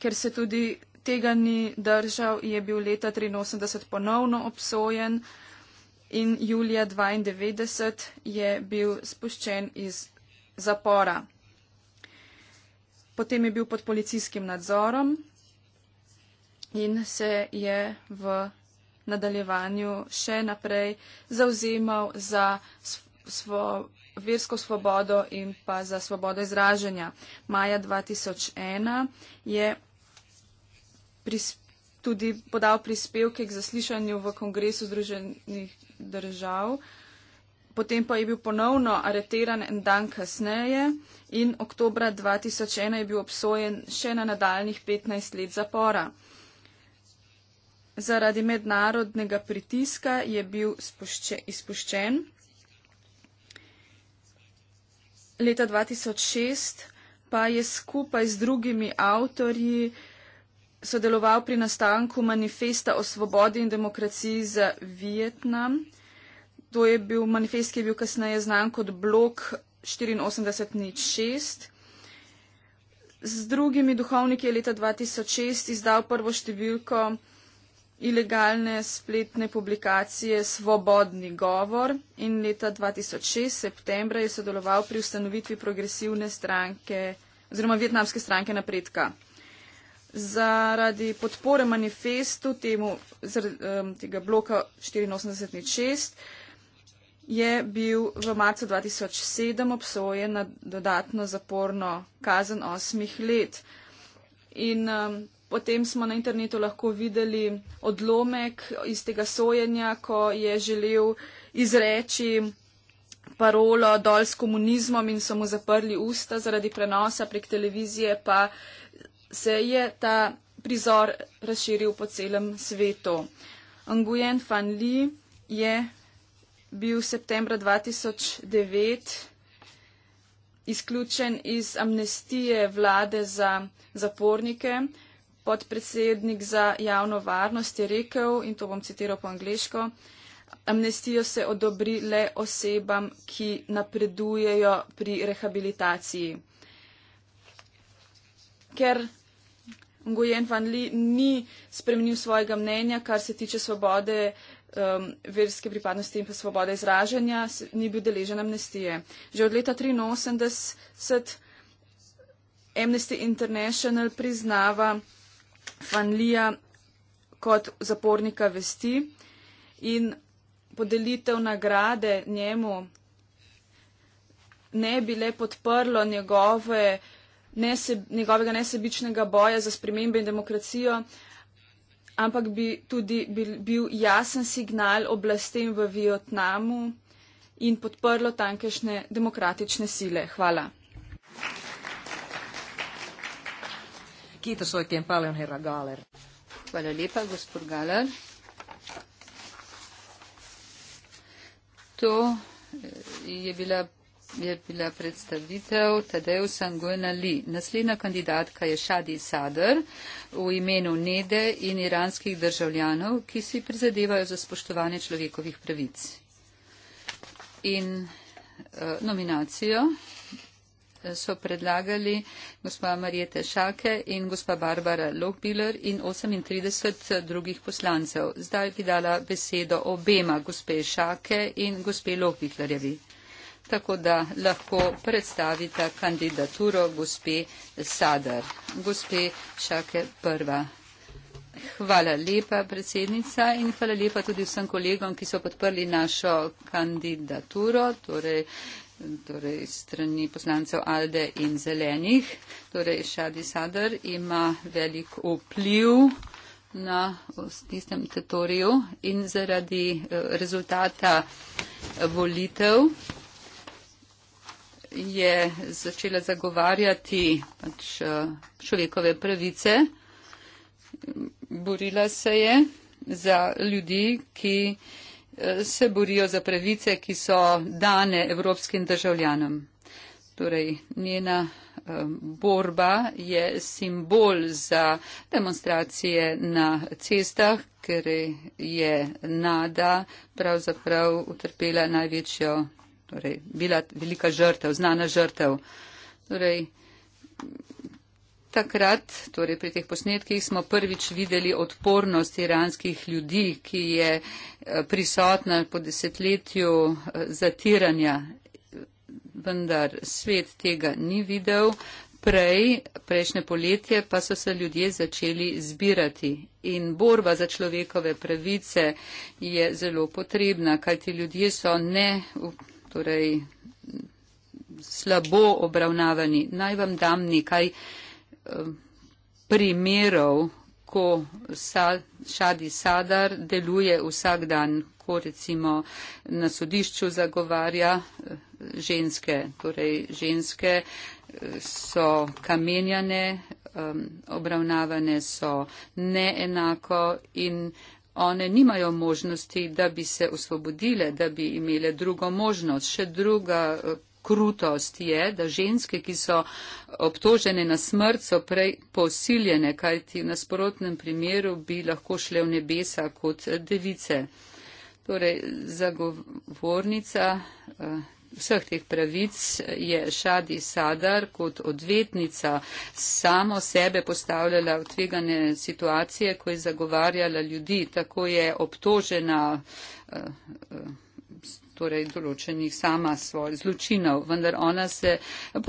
ker se tudi tega ni držal, je bil leta 83 ponovno obsojen in julija 92 je bil spuščen iz zapora. Potem je bil pod policijskim nadzorom in se je v nadaljevanju še naprej zavzemal za svo, versko svobodo in pa za svobodo izražanja. Maja 2001 je tudi podal prispevke k zaslišanju v Kongresu Združenih držav. Potem pa je bil ponovno areteran en dan kasneje in oktobra 2001 je bil obsojen še na nadaljnih 15 let zapora. Zaradi mednarodnega pritiska je bil spušče, izpuščen. Leta 2006 pa je skupaj z drugimi avtorji uh, sodeloval pri nastanku manifesta o svobodi in demokraciji za Vietnam. To je bil manifest, ki je bil kasneje znan kot blok 8406. Z drugimi duhovniki je leta 2006 izdal prvo številko ilegalne spletne publikacije Svobodni govor in leta 2006, septembra, je sodeloval pri ustanovitvi progresivne stranke oziroma vietnamske stranke napredka zaradi podpore manifestu temu, zaradi um, tega bloka 84.6, je bil v marcu 2007 obsojen na dodatno zaporno kazen osmih let. In um, potem smo na internetu lahko videli odlomek iz tega sojenja, ko je želel izreči parolo dol s komunizmom in so mu zaprli usta zaradi prenosa prek televizije, pa se je ta prizor razširil po celem svetu. Nguyen Van Li je bil septembra 2009 izključen iz amnestije vlade za zapornike. Podpredsednik za javno varnost je rekel, in to bom citiral po angliško, amnestijo se odobri le osebam, ki napredujejo pri rehabilitaciji. Ker Nguyen Van Li ni spremenil svojega mnenja, kar se tiče svobode um, verske pripadnosti in pa svobode izražanja, ni bil deležen amnestije. Že od leta 1983 Amnesty International priznava Van Lija kot zapornika vesti in podelitev nagrade njemu ne bi le podprlo njegove uh, nese, njegovega nesebičnega boja za spremembe in demokracijo, ampak bi tudi bil, bil jasen signal oblastem v Vietnamu in podprlo tankešne demokratične sile. Hvala. Hvala lepa, gospod Galer. To eh, je bila je bila predstavitev Tadeu Sanguena Li. Naslednja kandidatka je Shadi Sadr v imenu Nede in iranskih državljanov, ki si prizadevajo za spoštovanje človekovih pravic. In eh, nominacijo eh, so predlagali gospa Marijete Šake in gospa Barbara Lohbiller in 38 eh, drugih poslancev. Zdaj bi dala besedo obema gospe Šake in gospe Lohbillerjevi tako da lahko predstavite kandidaturo gospe Sadar. Gospe Šake prva. Hvala lepa, predsednica, in hvala lepa tudi vsem kolegom, ki so podprli našo kandidaturo, torej, torej strani poslancev Alde in Zelenih. Torej, Šadi Sadar ima velik vpliv na tistem tetoriju in zaradi eh, rezultata volitev je začela zagovarjati pač eh, človekove pravice. Borila se je za ljudi, ki eh, se borijo za pravice, ki so dane evropskim državljanom. Torej, njena eh, borba je simbol za demonstracije na cestah, ker je Nada pravzaprav utrpela največjo torej, bila velika žrtev, znana žrtev. Torej, takrat, torej pri teh posnetkih, smo prvič videli odpornost iranskih ljudi, ki je eh, prisotna po desetletju eh, zatiranja, vendar svet tega ni videl. Prej, prejšnje poletje, pa so se ljudje začeli zbirati in borba za človekove pravice je zelo potrebna, kajti ljudje so ne torej slabo obravnavani. Naj vam dam nekaj eh, primerov, ko Šadi Sadar deluje vsak dan, ko recimo na sodišču zagovarja eh, ženske. Torej ženske eh, so kamenjane, obravnavane so neenako in one nimajo možnosti, da bi se osvobodile, da bi imele drugo možnost. Še druga eh, krutost je, da ženske, ki so obtožene na smrt, so prej posiljene, kajti v nasprotnem primeru bi lahko šle v nebesa kot device. Torej, zagovornica eh, vseh teh pravic je Šadi Sadar kot odvetnica samo sebe postavljala v tvegane situacije, ko je zagovarjala ljudi, tako je obtožena eh, eh, torej določenih sama svoj zločinov, vendar ona se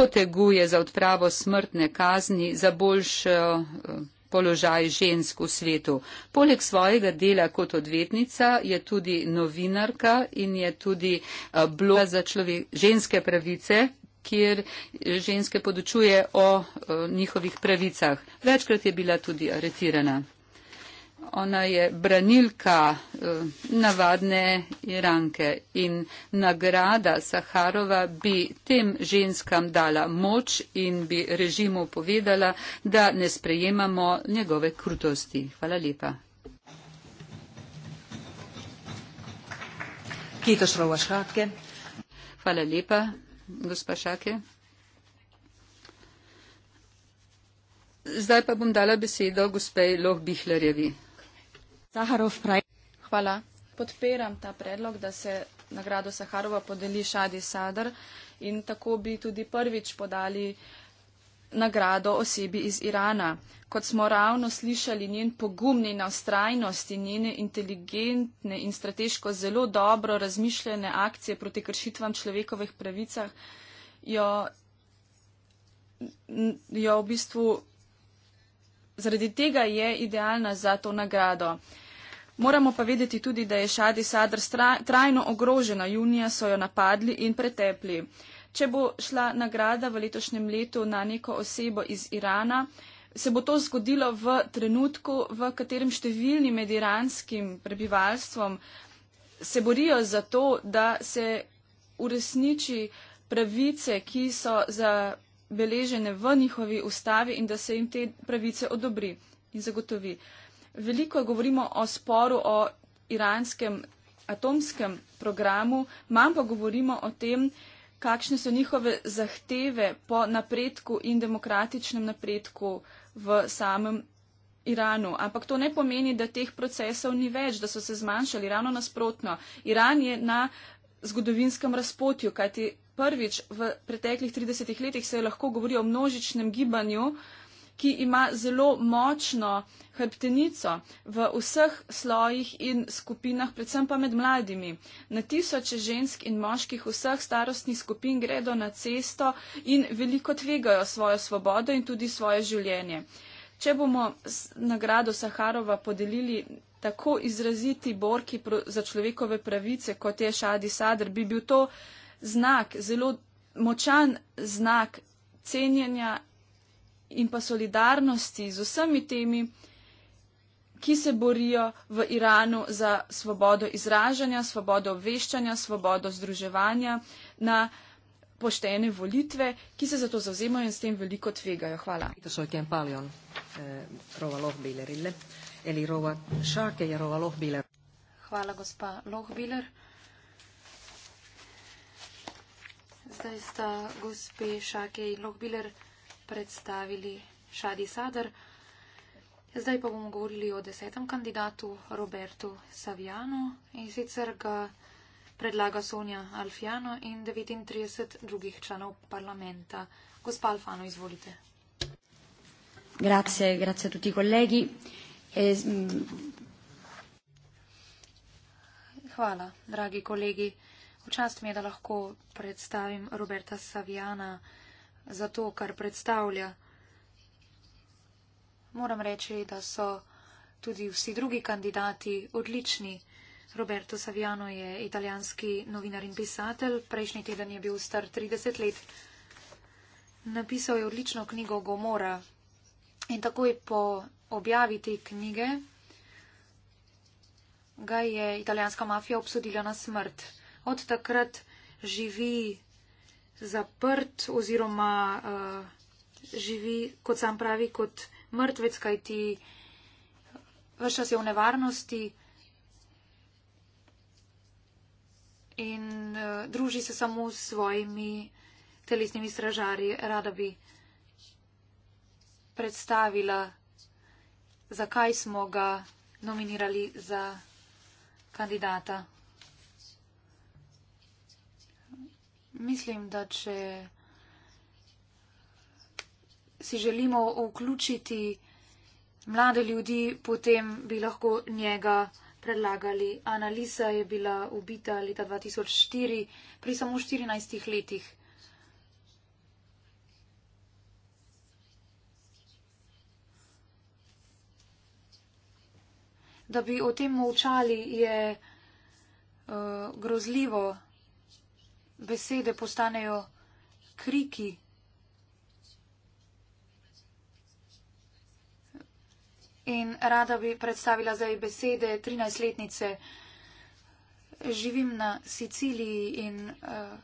poteguje za odpravo smrtne kazni, za boljšo eh, položaj žensk v svetu. Poleg svojega dela kot odvetnica je tudi novinarka in je tudi eh, bloga za človek, ženske pravice, kjer eh, ženske podučuje o, o eh, njihovih pravicah. Večkrat je bila tudi aretirana ona je branilka eh, navadne Iranke in nagrada Saharova bi tem ženskam dala moč in bi režimu povedala, da ne sprejemamo njegove krutosti. Hvala lepa. Hvala lepa, gospa Šake. Zdaj pa bom dala besedo gospej Loh Bihlerjevi. Hvala. Podpiram ta predlog, da se nagrado Saharova podeli Šadi Sadr in tako bi tudi prvič podali nagrado osebi iz Irana. Kot smo ravno slišali, njen pogum, njena ustrajnost in njene inteligentne in strateško zelo dobro razmišljene akcije proti kršitvam človekovih pravicah jo, jo v bistvu zaradi tega je idealna za to nagrado. Moramo pa vedeti tudi, da je Šadi Sadr trajno ogrožena. Junija so jo napadli in pretepli. Če bo šla nagrada v letošnjem letu na neko osebo iz Irana, se bo to zgodilo v trenutku, v katerem številni med iranskim prebivalstvom se borijo za to, da se uresniči pravice, ki so zabeležene v njihovi ustavi in da se jim te pravice odobri in zagotovi. Veliko govorimo o sporu o iranskem atomskem programu, manj pa govorimo o tem, kakšne so njihove zahteve po napredku in demokratičnem napredku v samem Iranu. Ampak to ne pomeni, da teh procesov ni več, da so se zmanjšali. Ravno nasprotno. Iran je na zgodovinskem razpotju, kajti prvič v preteklih 30 letih se je lahko govorilo o množičnem gibanju, uh, ki ima zelo močno hrbtenico v vseh slojih in skupinah, predvsem pa med mladimi. Na tisoče žensk in moških vseh starostnih skupin gredo na cesto in veliko tvegajo svojo svobodo in tudi svoje življenje. Če bomo nagrado Saharova podelili tako izraziti borki za človekove pravice, kot je Šadi Sadr, bi bil to znak, zelo močan znak cenjenja in pa solidarnosti z vsemi temi, ki se borijo v Iranu za svobodo izražanja, svobodo obveščanja, svobodo združevanja na poštene volitve, ki se za to zavzemajo in s tem veliko tvegajo. Hvala. Eh, ja Hvala, gospa Lohbiler. Zdaj sta gospe Šake in Lohbiler predstavili Šadi Sadr. Zdaj pa bomo govorili o desetem kandidatu Robertu Savjanu in sicer ga predlaga Sonja Alfjano in 39 drugih članov parlamenta. Gospa Alfano, izvolite. Grazie, grazie a tutti colleghi. E, mm, Hvala, dragi kolegi. V čast mi je, da lahko predstavim Roberta Savjana za to, kar predstavlja. Moram reči, da so tudi vsi drugi kandidati odlični. Roberto Saviano je italijanski novinar in pisatelj, prejšnji teden je bil star 30 let. Napisal je odlično knjigo Gomora in takoj po objavi te knjige ga je italijanska mafija obsodila na smrt. Od takrat živi zaprt oziroma uh, živi, kot sam pravi, kot mrtvec, kajti eh, vse čas je v nevarnosti in uh, druži se samo s svojimi telesnimi stražarji. Rada bi predstavila, zakaj smo ga nominirali za kandidata. Mislim, da če si želimo vključiti mlade ljudi, potem bi lahko njega predlagali. Analisa je bila ubita leta 2004 pri samo 14 letih. Da bi o tem molčali, je uh, grozljivo besede postanejo kriki. In rada bi predstavila zdaj besede 13-letnice. Živim na Siciliji in uh, eh,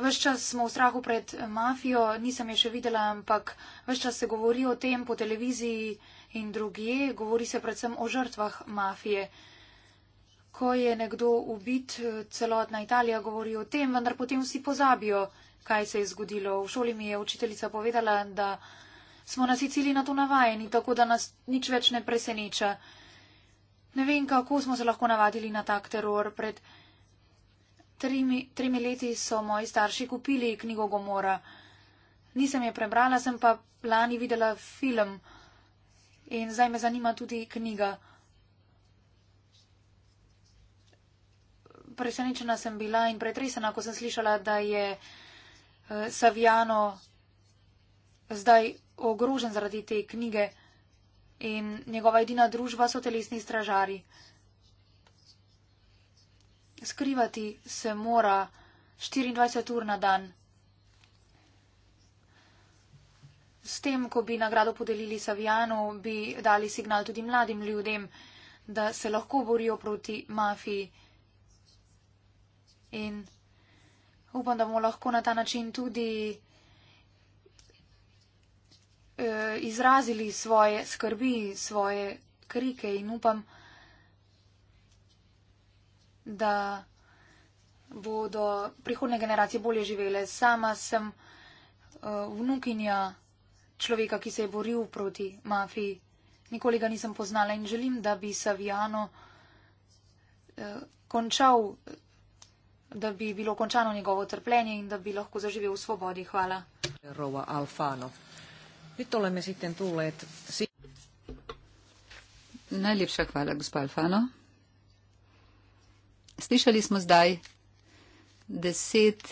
vse čas smo v strahu pred mafijo, nisem je še videla, ampak vse čas se govori o tem po televiziji in drugje, govori se predvsem o žrtvah mafije. Uh, ko je nekdo ubit, eh, celotna Italija govori o tem, vendar potem vsi pozabijo, kaj se je zgodilo. V šoli mi je učiteljica povedala, da smo na Siciliji na to navajeni, tako da nas nič več ne preseneča. Ne vem, kako smo se lahko navadili na tak teror. Pred trimi, trimi leti so moji starši kupili knjigo Gomora. Nisem je prebrala, sem pa lani videla film in zdaj me zanima tudi knjiga. presenečena sem bila in pretresena, ko sem slišala, da je eh, Saviano zdaj ogrožen zaradi te knjige in njegova edina družba so telesni stražari. Skrivati se mora 24 ur na dan. S tem, ko bi nagrado podelili Savijanu, bi dali signal tudi mladim ljudem, da se lahko borijo proti mafiji. In upam, da bomo lahko na ta način tudi eh, izrazili svoje skrbi, svoje krike in upam, da bodo prihodne generacije bolje živele. Sama sem eh, vnukinja človeka, ki se je boril proti mafiji. Nikoli ga nisem poznala in želim, da bi Savijano eh, končal. Eh, da bi bilo končano njegovo trpljenje in da bi lahko zaživel v svobodi. Hvala. Najlepša hvala, gospa Alfano. Slišali smo zdaj deset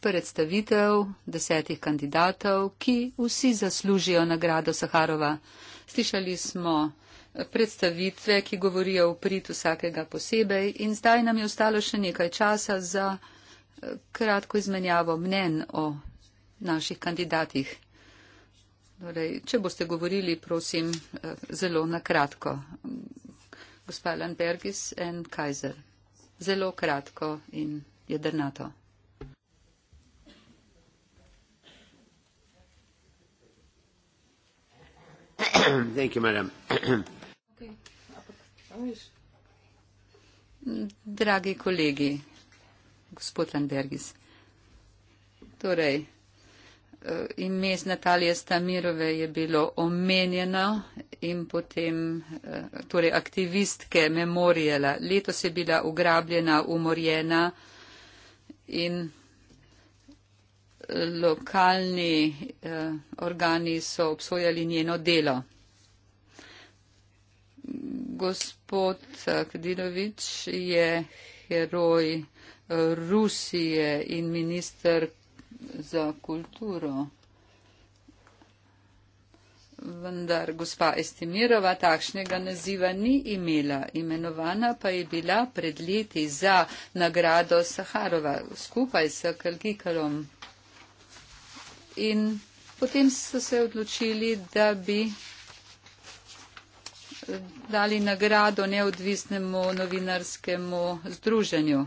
predstavitev desetih kandidatov, ki vsi zaslužijo nagrado Saharova. Slišali smo predstavitve, ki govorijo v prid vsakega posebej in zdaj nam je ostalo še nekaj časa za eh, kratko izmenjavo mnen o naših kandidatih. Torej, če boste govorili, prosim, eh, zelo na kratko. Gospa Lambergis in Kajzer. Zelo kratko in jedrnato. Thank you, madam. Dragi kolegi, gospod Landergis, torej, eh, ime z Natalije Stamirove je bilo omenjeno in potem, eh, torej, aktivistke memorijala. Letos je bila ugrabljena, umorjena in eh, lokalni organi so obsojali njeno delo gospod Kadirovič je heroj Rusije in minister za kulturo. Vendar gospa Estimirova takšnega naziva ni imela, imenovana pa je bila pred leti za nagrado Saharova skupaj s Kalgikarom. In potem so se odločili, da bi dali nagrado neodvisnemu novinarskemu združenju.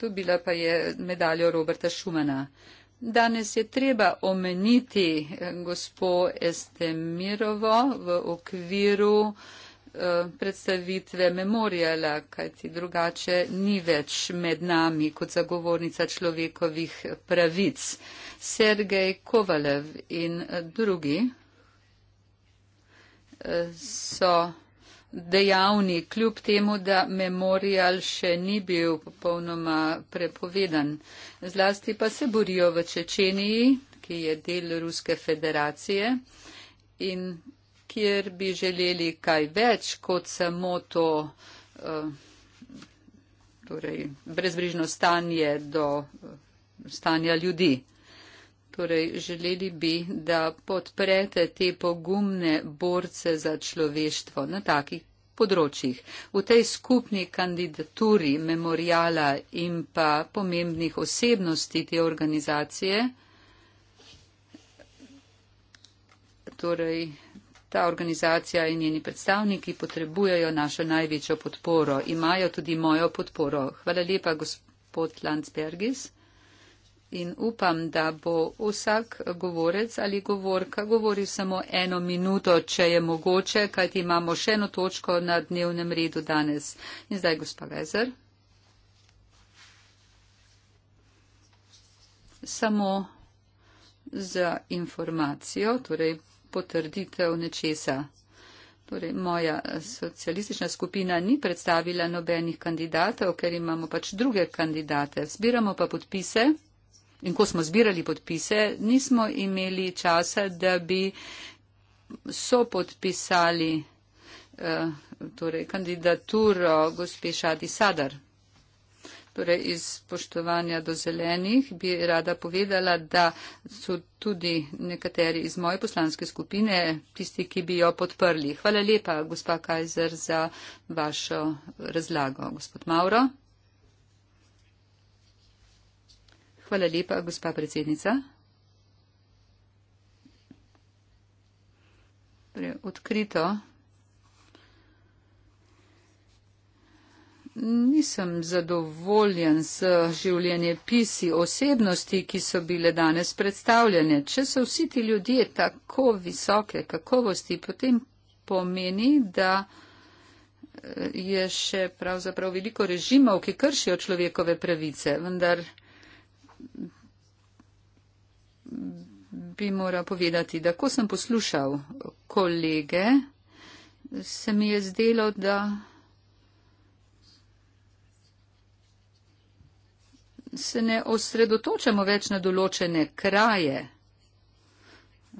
Dobila pa je medaljo Roberta Šumana. Danes je treba omeniti eh, gospo Estemirovo v okviru eh, predstavitve memorijala, kajti drugače ni več med nami kot zagovornica človekovih pravic. Sergej Kovalev in drugi so dejavni, kljub temu, da memorial še ni bil popolnoma prepovedan. Zlasti pa se borijo v Čečeniji, ki je del Ruske federacije in kjer bi želeli kaj več kot samo to eh, torej, brezbrižno stanje do eh, stanja ljudi. Torej, želeli bi, da podprete te pogumne borce za človeštvo na takih področjih. V tej skupni kandidaturi memoriala in pa pomembnih osebnosti te organizacije, torej, ta organizacija in njeni predstavniki potrebujejo našo največjo podporo. Imajo tudi mojo podporo. Hvala lepa, gospod Landsbergis in upam, da bo vsak govorec ali govorka govoril samo eno minuto, če je mogoče, kajti imamo še eno točko na dnevnem redu danes. In zdaj, gospa Vezer. Samo za informacijo, torej potrditev nečesa. Torej, moja socialistična skupina ni predstavila nobenih kandidatov, ker imamo pač druge kandidate. Zbiramo pa podpise. In ko smo zbirali podpise, nismo imeli časa, da bi so podpisali eh, torej, kandidaturo gospe Šadi Sadar. Torej, iz poštovanja do zelenih bi rada povedala, da so tudi nekateri iz moje poslanske skupine tisti, ki bi jo podprli. Hvala lepa, gospa Kajzer, za vašo razlago. Gospod Mauro. Hvala lepa, gospa predsednica. Pre, torej, odkrito. Nisem zadovoljen z življenjepisi osebnosti, ki so bile danes predstavljene. Če so vsi ti ljudje tako visoke kakovosti, potem pomeni, da eh, je še pravzaprav veliko režimov, ki kršijo človekove pravice, vendar bi moral povedati, da ko sem poslušal kolege, se mi je zdelo, da, se ne osredotočamo več na določene kraje,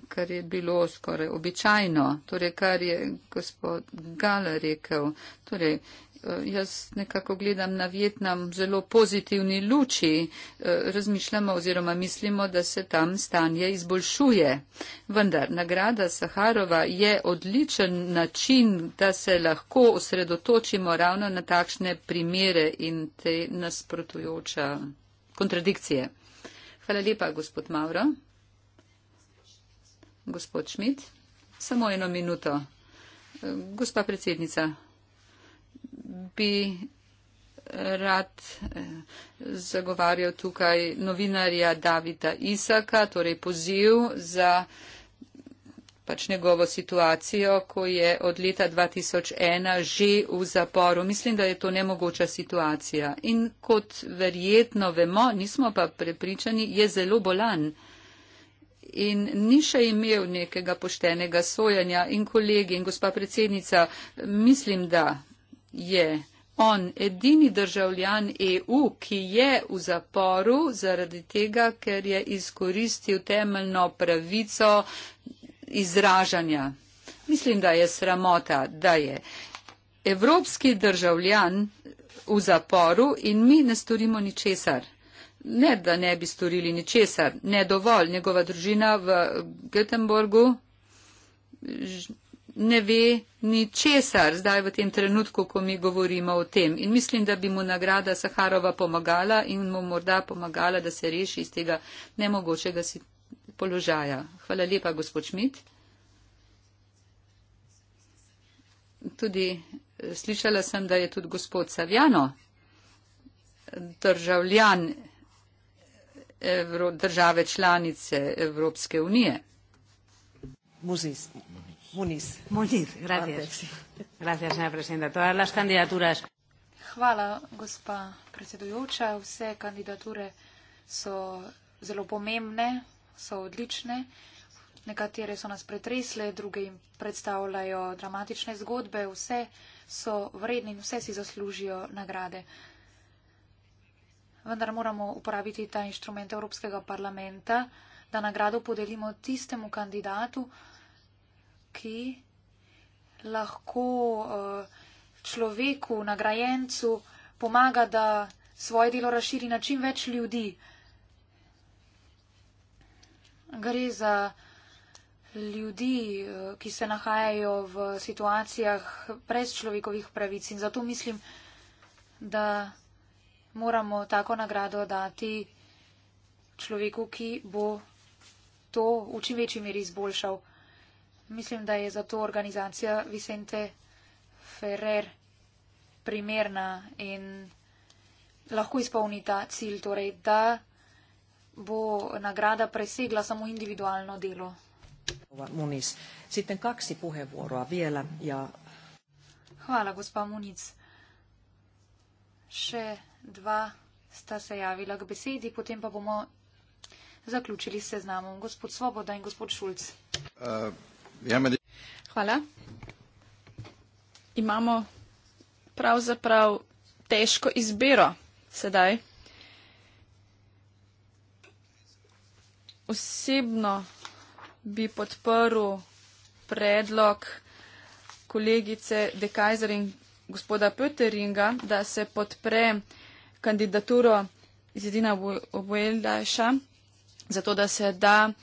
kar je bilo skoraj običajno, torej kar je gospod Gala rekel, torej eh, Eh, jaz nekako gledam na Vietnam zelo pozitivni luči, eh, razmišljamo oziroma mislimo, da se tam stanje izboljšuje. Vendar nagrada Saharova je odličen način, da se lahko osredotočimo ravno na takšne primere in te nasprotujoča kontradikcije. Hvala lepa, gospod Mauro. Gospod Šmit, samo eno minuto. Eh, gospa predsednica bi eh, rad eh, zagovarjal tukaj novinarja Davida Isaka, torej poziv za pač njegovo situacijo, ko je od leta 2001 že v zaporu. Mislim, da je to nemogoča situacija. In kot verjetno vemo, nismo pa prepričani, je zelo bolan. In ni še imel nekega poštenega sojanja. In kolegi in gospa predsednica, mislim, da je on edini državljan EU, ki je v zaporu zaradi tega, ker je izkoristil temeljno pravico izražanja. Mislim, da je sramota, da je evropski državljan v zaporu in mi ne storimo ničesar. Ne, da ne bi storili ničesar, ne dovolj. Njegova družina v Göteborgu ne ve ničesar zdaj v tem trenutku, ko mi govorimo o tem. In mislim, da bi mu nagrada Saharova pomagala in mu morda pomagala, da se reši iz tega nemogočega položaja. Hvala lepa, gospod Šmit. Tudi eh, slišala sem, da je tudi gospod Savjano državljan evro, države članice Evropske unije. Muzist. Muniz. Munir, gracias. Gracias, señora presidenta. Todas las candidaturas. Hvala, gospa predsedujoča. Vse kandidature so zelo pomembne, so odlične. Nekatere so nas pretresle, druge jim predstavljajo dramatične zgodbe. Vse so vredni in vse si zaslužijo nagrade. Vendar moramo uporabiti ta inštrument Evropskega parlamenta, da nagrado podelimo tistemu kandidatu, ki lahko eh, človeku, nagrajencu, pomaga, da svoje delo razširi na čim več ljudi. Gre za ljudi, eh, ki se nahajajo v situacijah brez človekovih pravic in zato mislim, da moramo tako nagrado dati človeku, ki bo to v čim večji meri izboljšal. Mislim, da je zato organizacija Vicente Ferrer primerna in lahko izpolni ta cilj, torej, da bo nagrada presegla samo individualno delo. Ja- Hvala, gospa Munic. Še dva sta se javila k besedi, potem pa bomo zaključili seznamom. Gospod Svoboda in gospod Šulc. Uh. Ja, med... Hvala. Imamo pravzaprav težko izbiro sedaj. Osebno bi podprl predlog kolegice De Kaiser in gospoda Pöteringa, da se podpre kandidaturo Zidina Obojeldajša, zato da se da uh,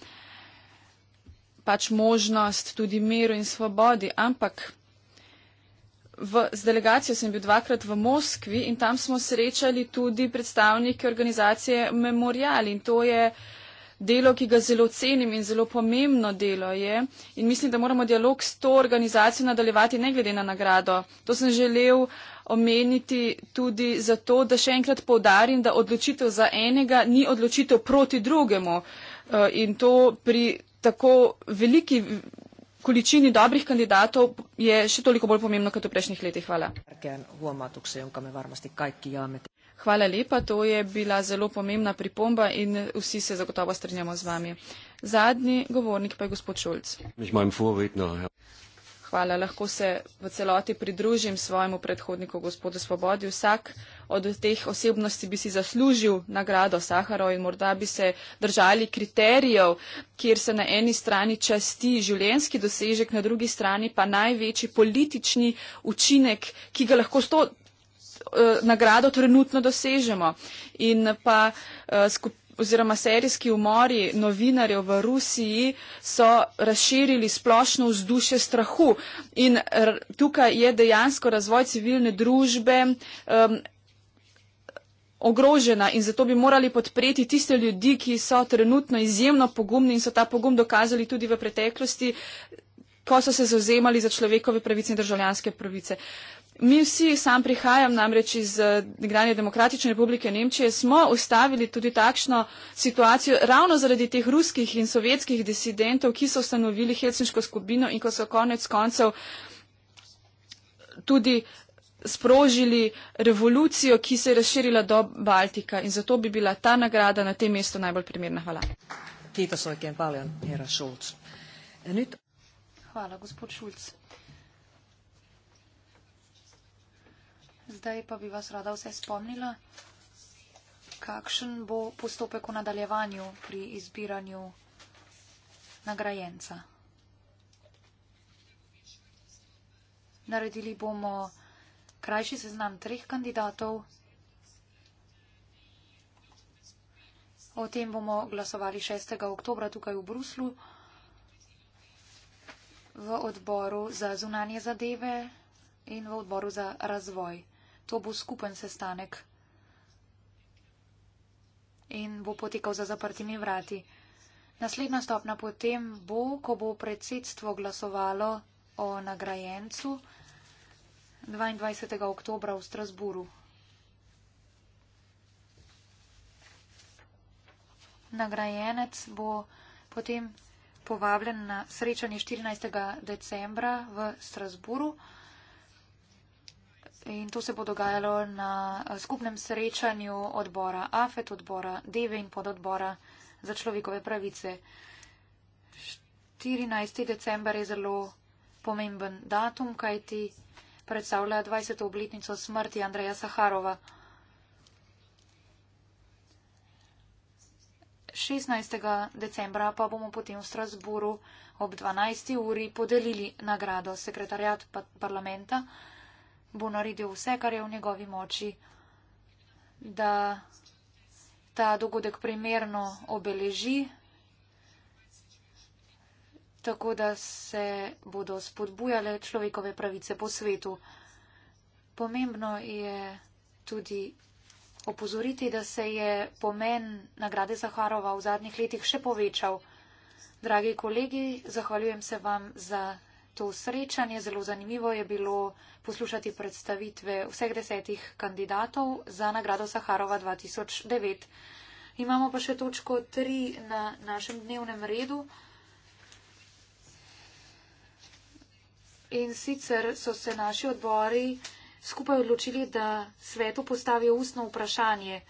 pač možnost tudi miru in svobodi. Ampak v, z delegacijo sem bil dvakrat v Moskvi in tam smo srečali tudi predstavnike organizacije Memorial in to je delo, ki ga zelo cenim in zelo pomembno delo je. In mislim, da moramo dialog s to organizacijo nadaljevati ne glede na nagrado. To sem želel omeniti tudi zato, da še enkrat povdarim, da odločitev za enega ni odločitev proti drugemu. Eh, in to pri tako veliki količini dobrih kandidatov je še toliko bolj pomembno kot v prejšnjih letih. Hvala. Hvala lepa, to je bila zelo pomembna pripomba in vsi se zagotovo strinjamo z vami. Zadnji govornik pa je gospod Šulc. Hvala. Lahko se v celoti pridružim svojemu predhodniku, gospodu Svobodi. Vsak od teh osebnosti bi si zaslužil nagrado Saharov in morda bi se držali kriterijev, kjer se na eni strani časti življenski dosežek, na drugi strani pa največji politični učinek, ki ga lahko s to uh, nagrado trenutno dosežemo. In pa uh, eh, skupaj oziroma serijski umori novinarjev v Rusiji so razširili splošno vzdušje strahu. In tukaj je dejansko razvoj civilne družbe. Um, ogrožena in zato bi morali podpreti tiste ljudi, ki so trenutno izjemno pogumni in so ta pogum dokazali tudi v preteklosti, ko so se zauzemali za človekove pravice in državljanske pravice. Mi vsi, sam prihajam namreč iz eh, nekdanje demokratične republike Nemčije, smo ustavili tudi takšno situacijo ravno zaradi teh ruskih in sovjetskih disidentov, ki so ustanovili helsinško skupino in ko so konec koncev tudi sprožili revolucijo, ki se je razširila do Baltika. In zato bi bila ta nagrada na tem mestu najbolj primerna. Hvala. Ja Hvala, gospod Šulc. Zdaj pa bi vas rada vse spomnila, kakšen bo postopek v nadaljevanju pri izbiranju nagrajenca. Naredili bomo krajši seznam treh kandidatov. O tem bomo glasovali 6. oktobra tukaj v Bruslu v odboru za zunanje zadeve in v odboru za razvoj to bo skupen sestanek in bo potekal za zaprtimi vrati. Naslednja stopna potem bo, ko bo predsedstvo glasovalo o nagrajencu 22. oktobra v Strasburu. Nagrajenec bo potem povabljen na srečanje 14. decembra v Strasburu. In to se bo dogajalo na eh, skupnem srečanju odbora AFET, odbora DEVE in pododbora za človekove pravice. 14. december je zelo pomemben datum, kajti predstavlja 20. obletnico smrti Andreja Saharova. 16. decembra pa bomo potem v Strasburu ob 12. uri podelili nagrado sekretarjat parlamenta bo naredil vse, kar je v njegovi moči, da ta dogodek primerno obeleži, tako da se bodo spodbujale človekove pravice po svetu. Pomembno je tudi opozoriti, da se je pomen nagrade Zaharova v zadnjih letih še povečal. Dragi kolegi, zahvaljujem se vam za to srečanje. Zelo zanimivo je bilo poslušati predstavitve vseh desetih kandidatov za nagrado Saharova 2009. Imamo pa še točko 3 na našem dnevnem redu. In sicer so se naši odbori skupaj odločili, da svetu postavijo ustno vprašanje.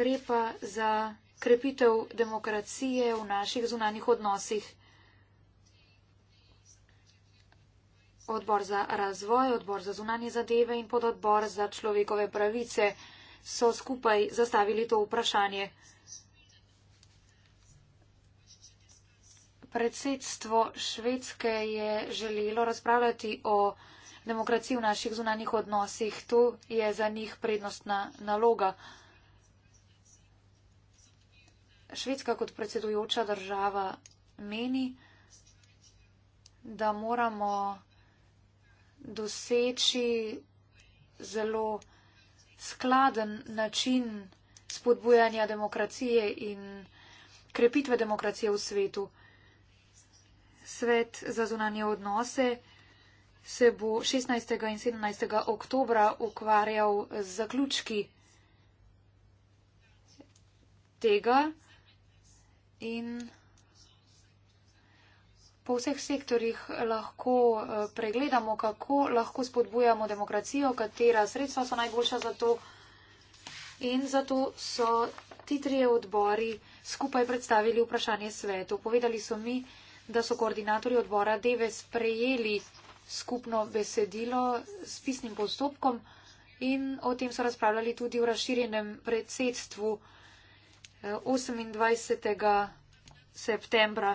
Gre pa za krepitev demokracije v naših zunanih odnosih. odbor za razvoj, odbor za zunanje zadeve in pododbor za človekove pravice so skupaj zastavili to vprašanje. Predsedstvo Švedske je želelo razpravljati o demokraciji v naših zunanjih odnosih. To je za njih prednostna naloga. Švedska kot predsedujoča država meni, da moramo doseči zelo skladen način spodbujanja demokracije in krepitve demokracije v svetu. Svet za zunanje odnose se bo 16. in 17. oktobra ukvarjal z zaključki tega in po vseh sektorjih lahko eh, pregledamo, kako lahko spodbujamo demokracijo, katera sredstva so najboljša za to. In zato so ti trije odbori skupaj predstavili vprašanje svetu. Povedali so mi, da so koordinatorji odbora Deve sprejeli skupno besedilo s pisnim postopkom in o tem so razpravljali tudi v razširjenem predsedstvu 28. Eh, septembra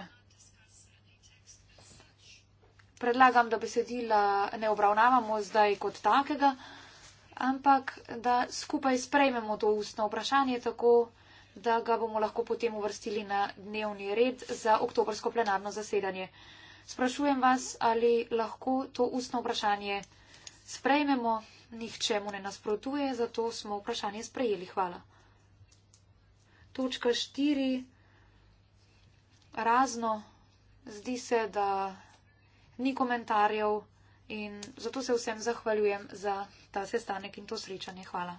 predlagam, da besedila ne obravnavamo zdaj kot takega, ampak da skupaj sprejmemo to ustno vprašanje tako, da ga bomo lahko potem uvrstili na dnevni red za oktobrsko plenarno zasedanje. Sprašujem vas, ali lahko to ustno vprašanje sprejmemo. Nihče mu ne nasprotuje, zato smo vprašanje sprejeli. Hvala. Točka štiri. Razno. Zdi se, da ni komentarjev in zato se vsem zahvaljujem za ta sestanek in to srečanje. Hvala.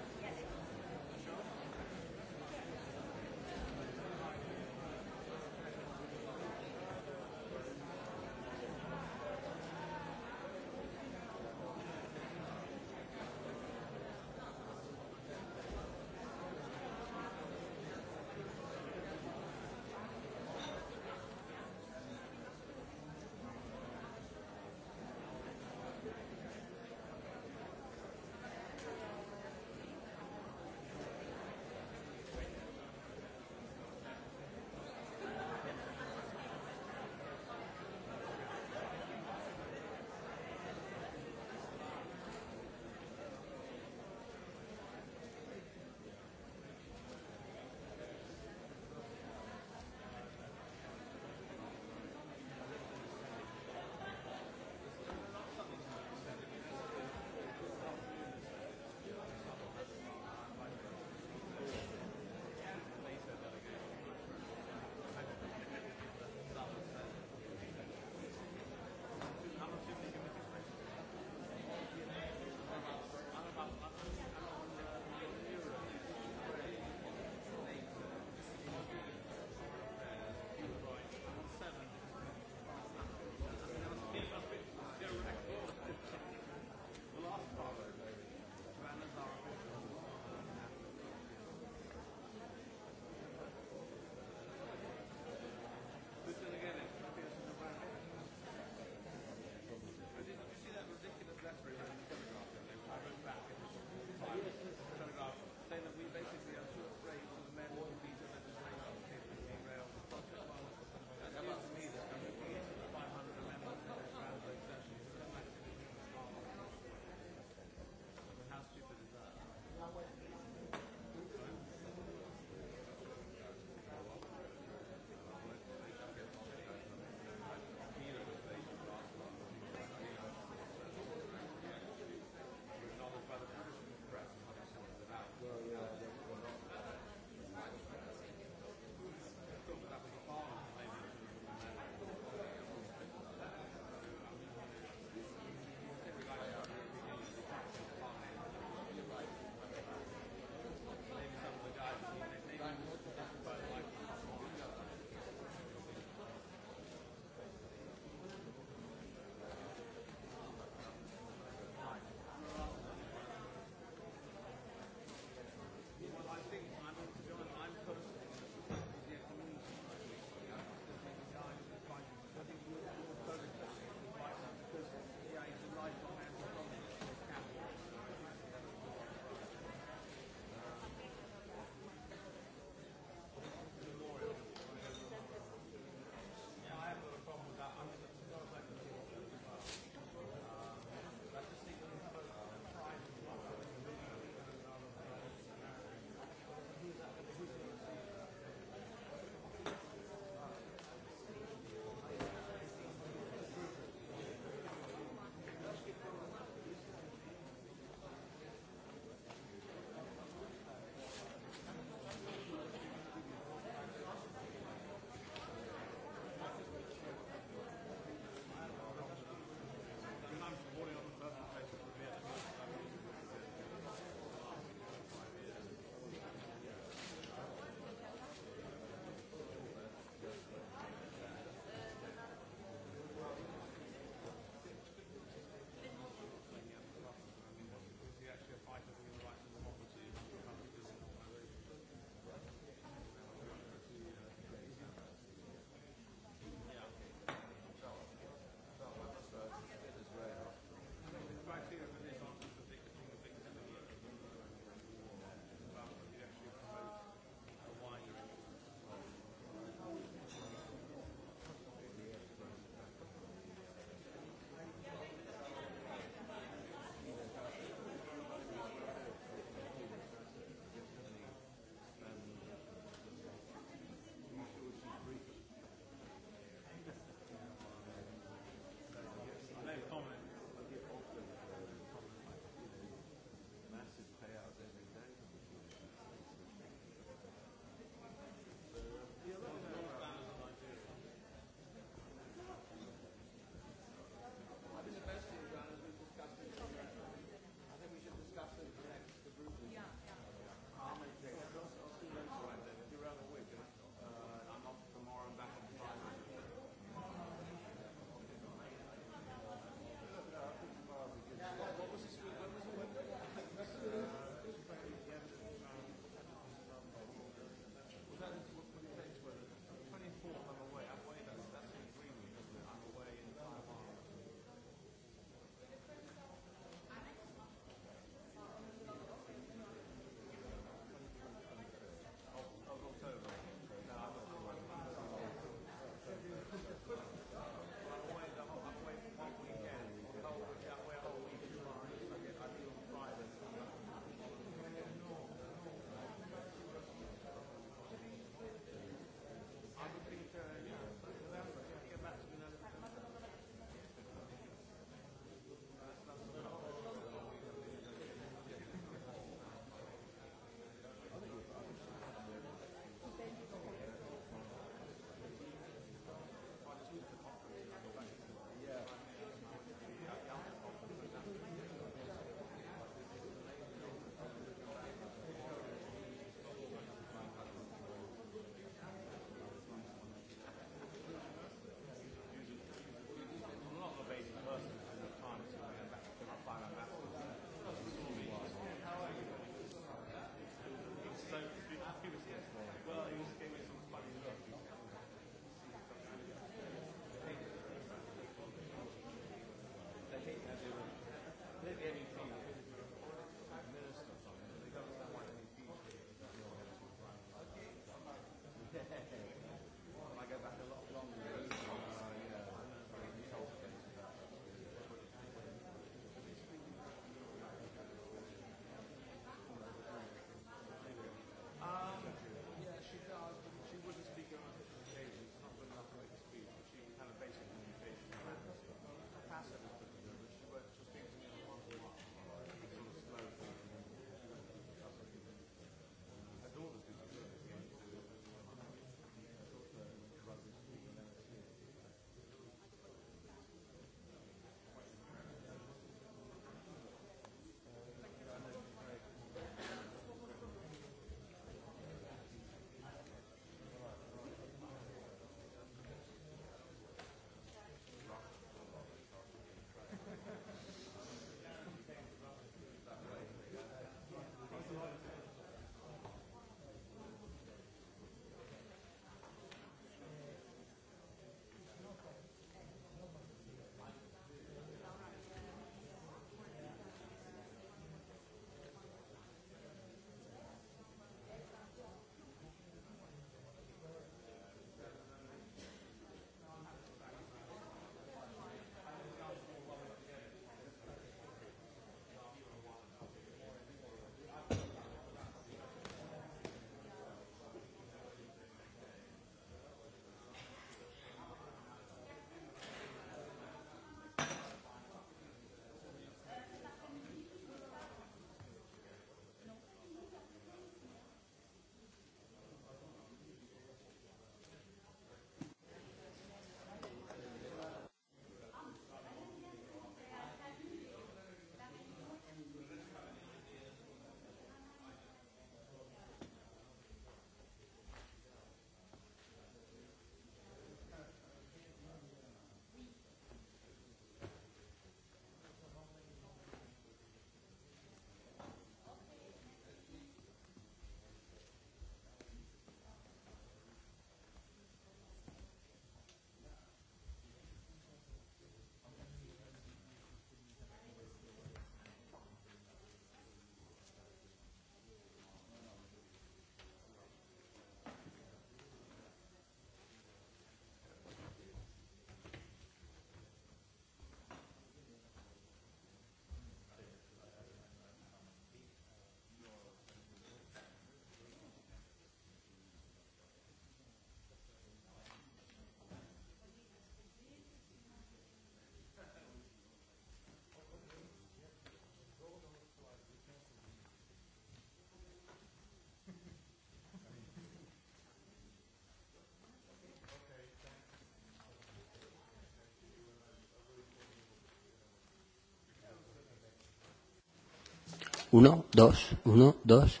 Uno, dos, uno, dos.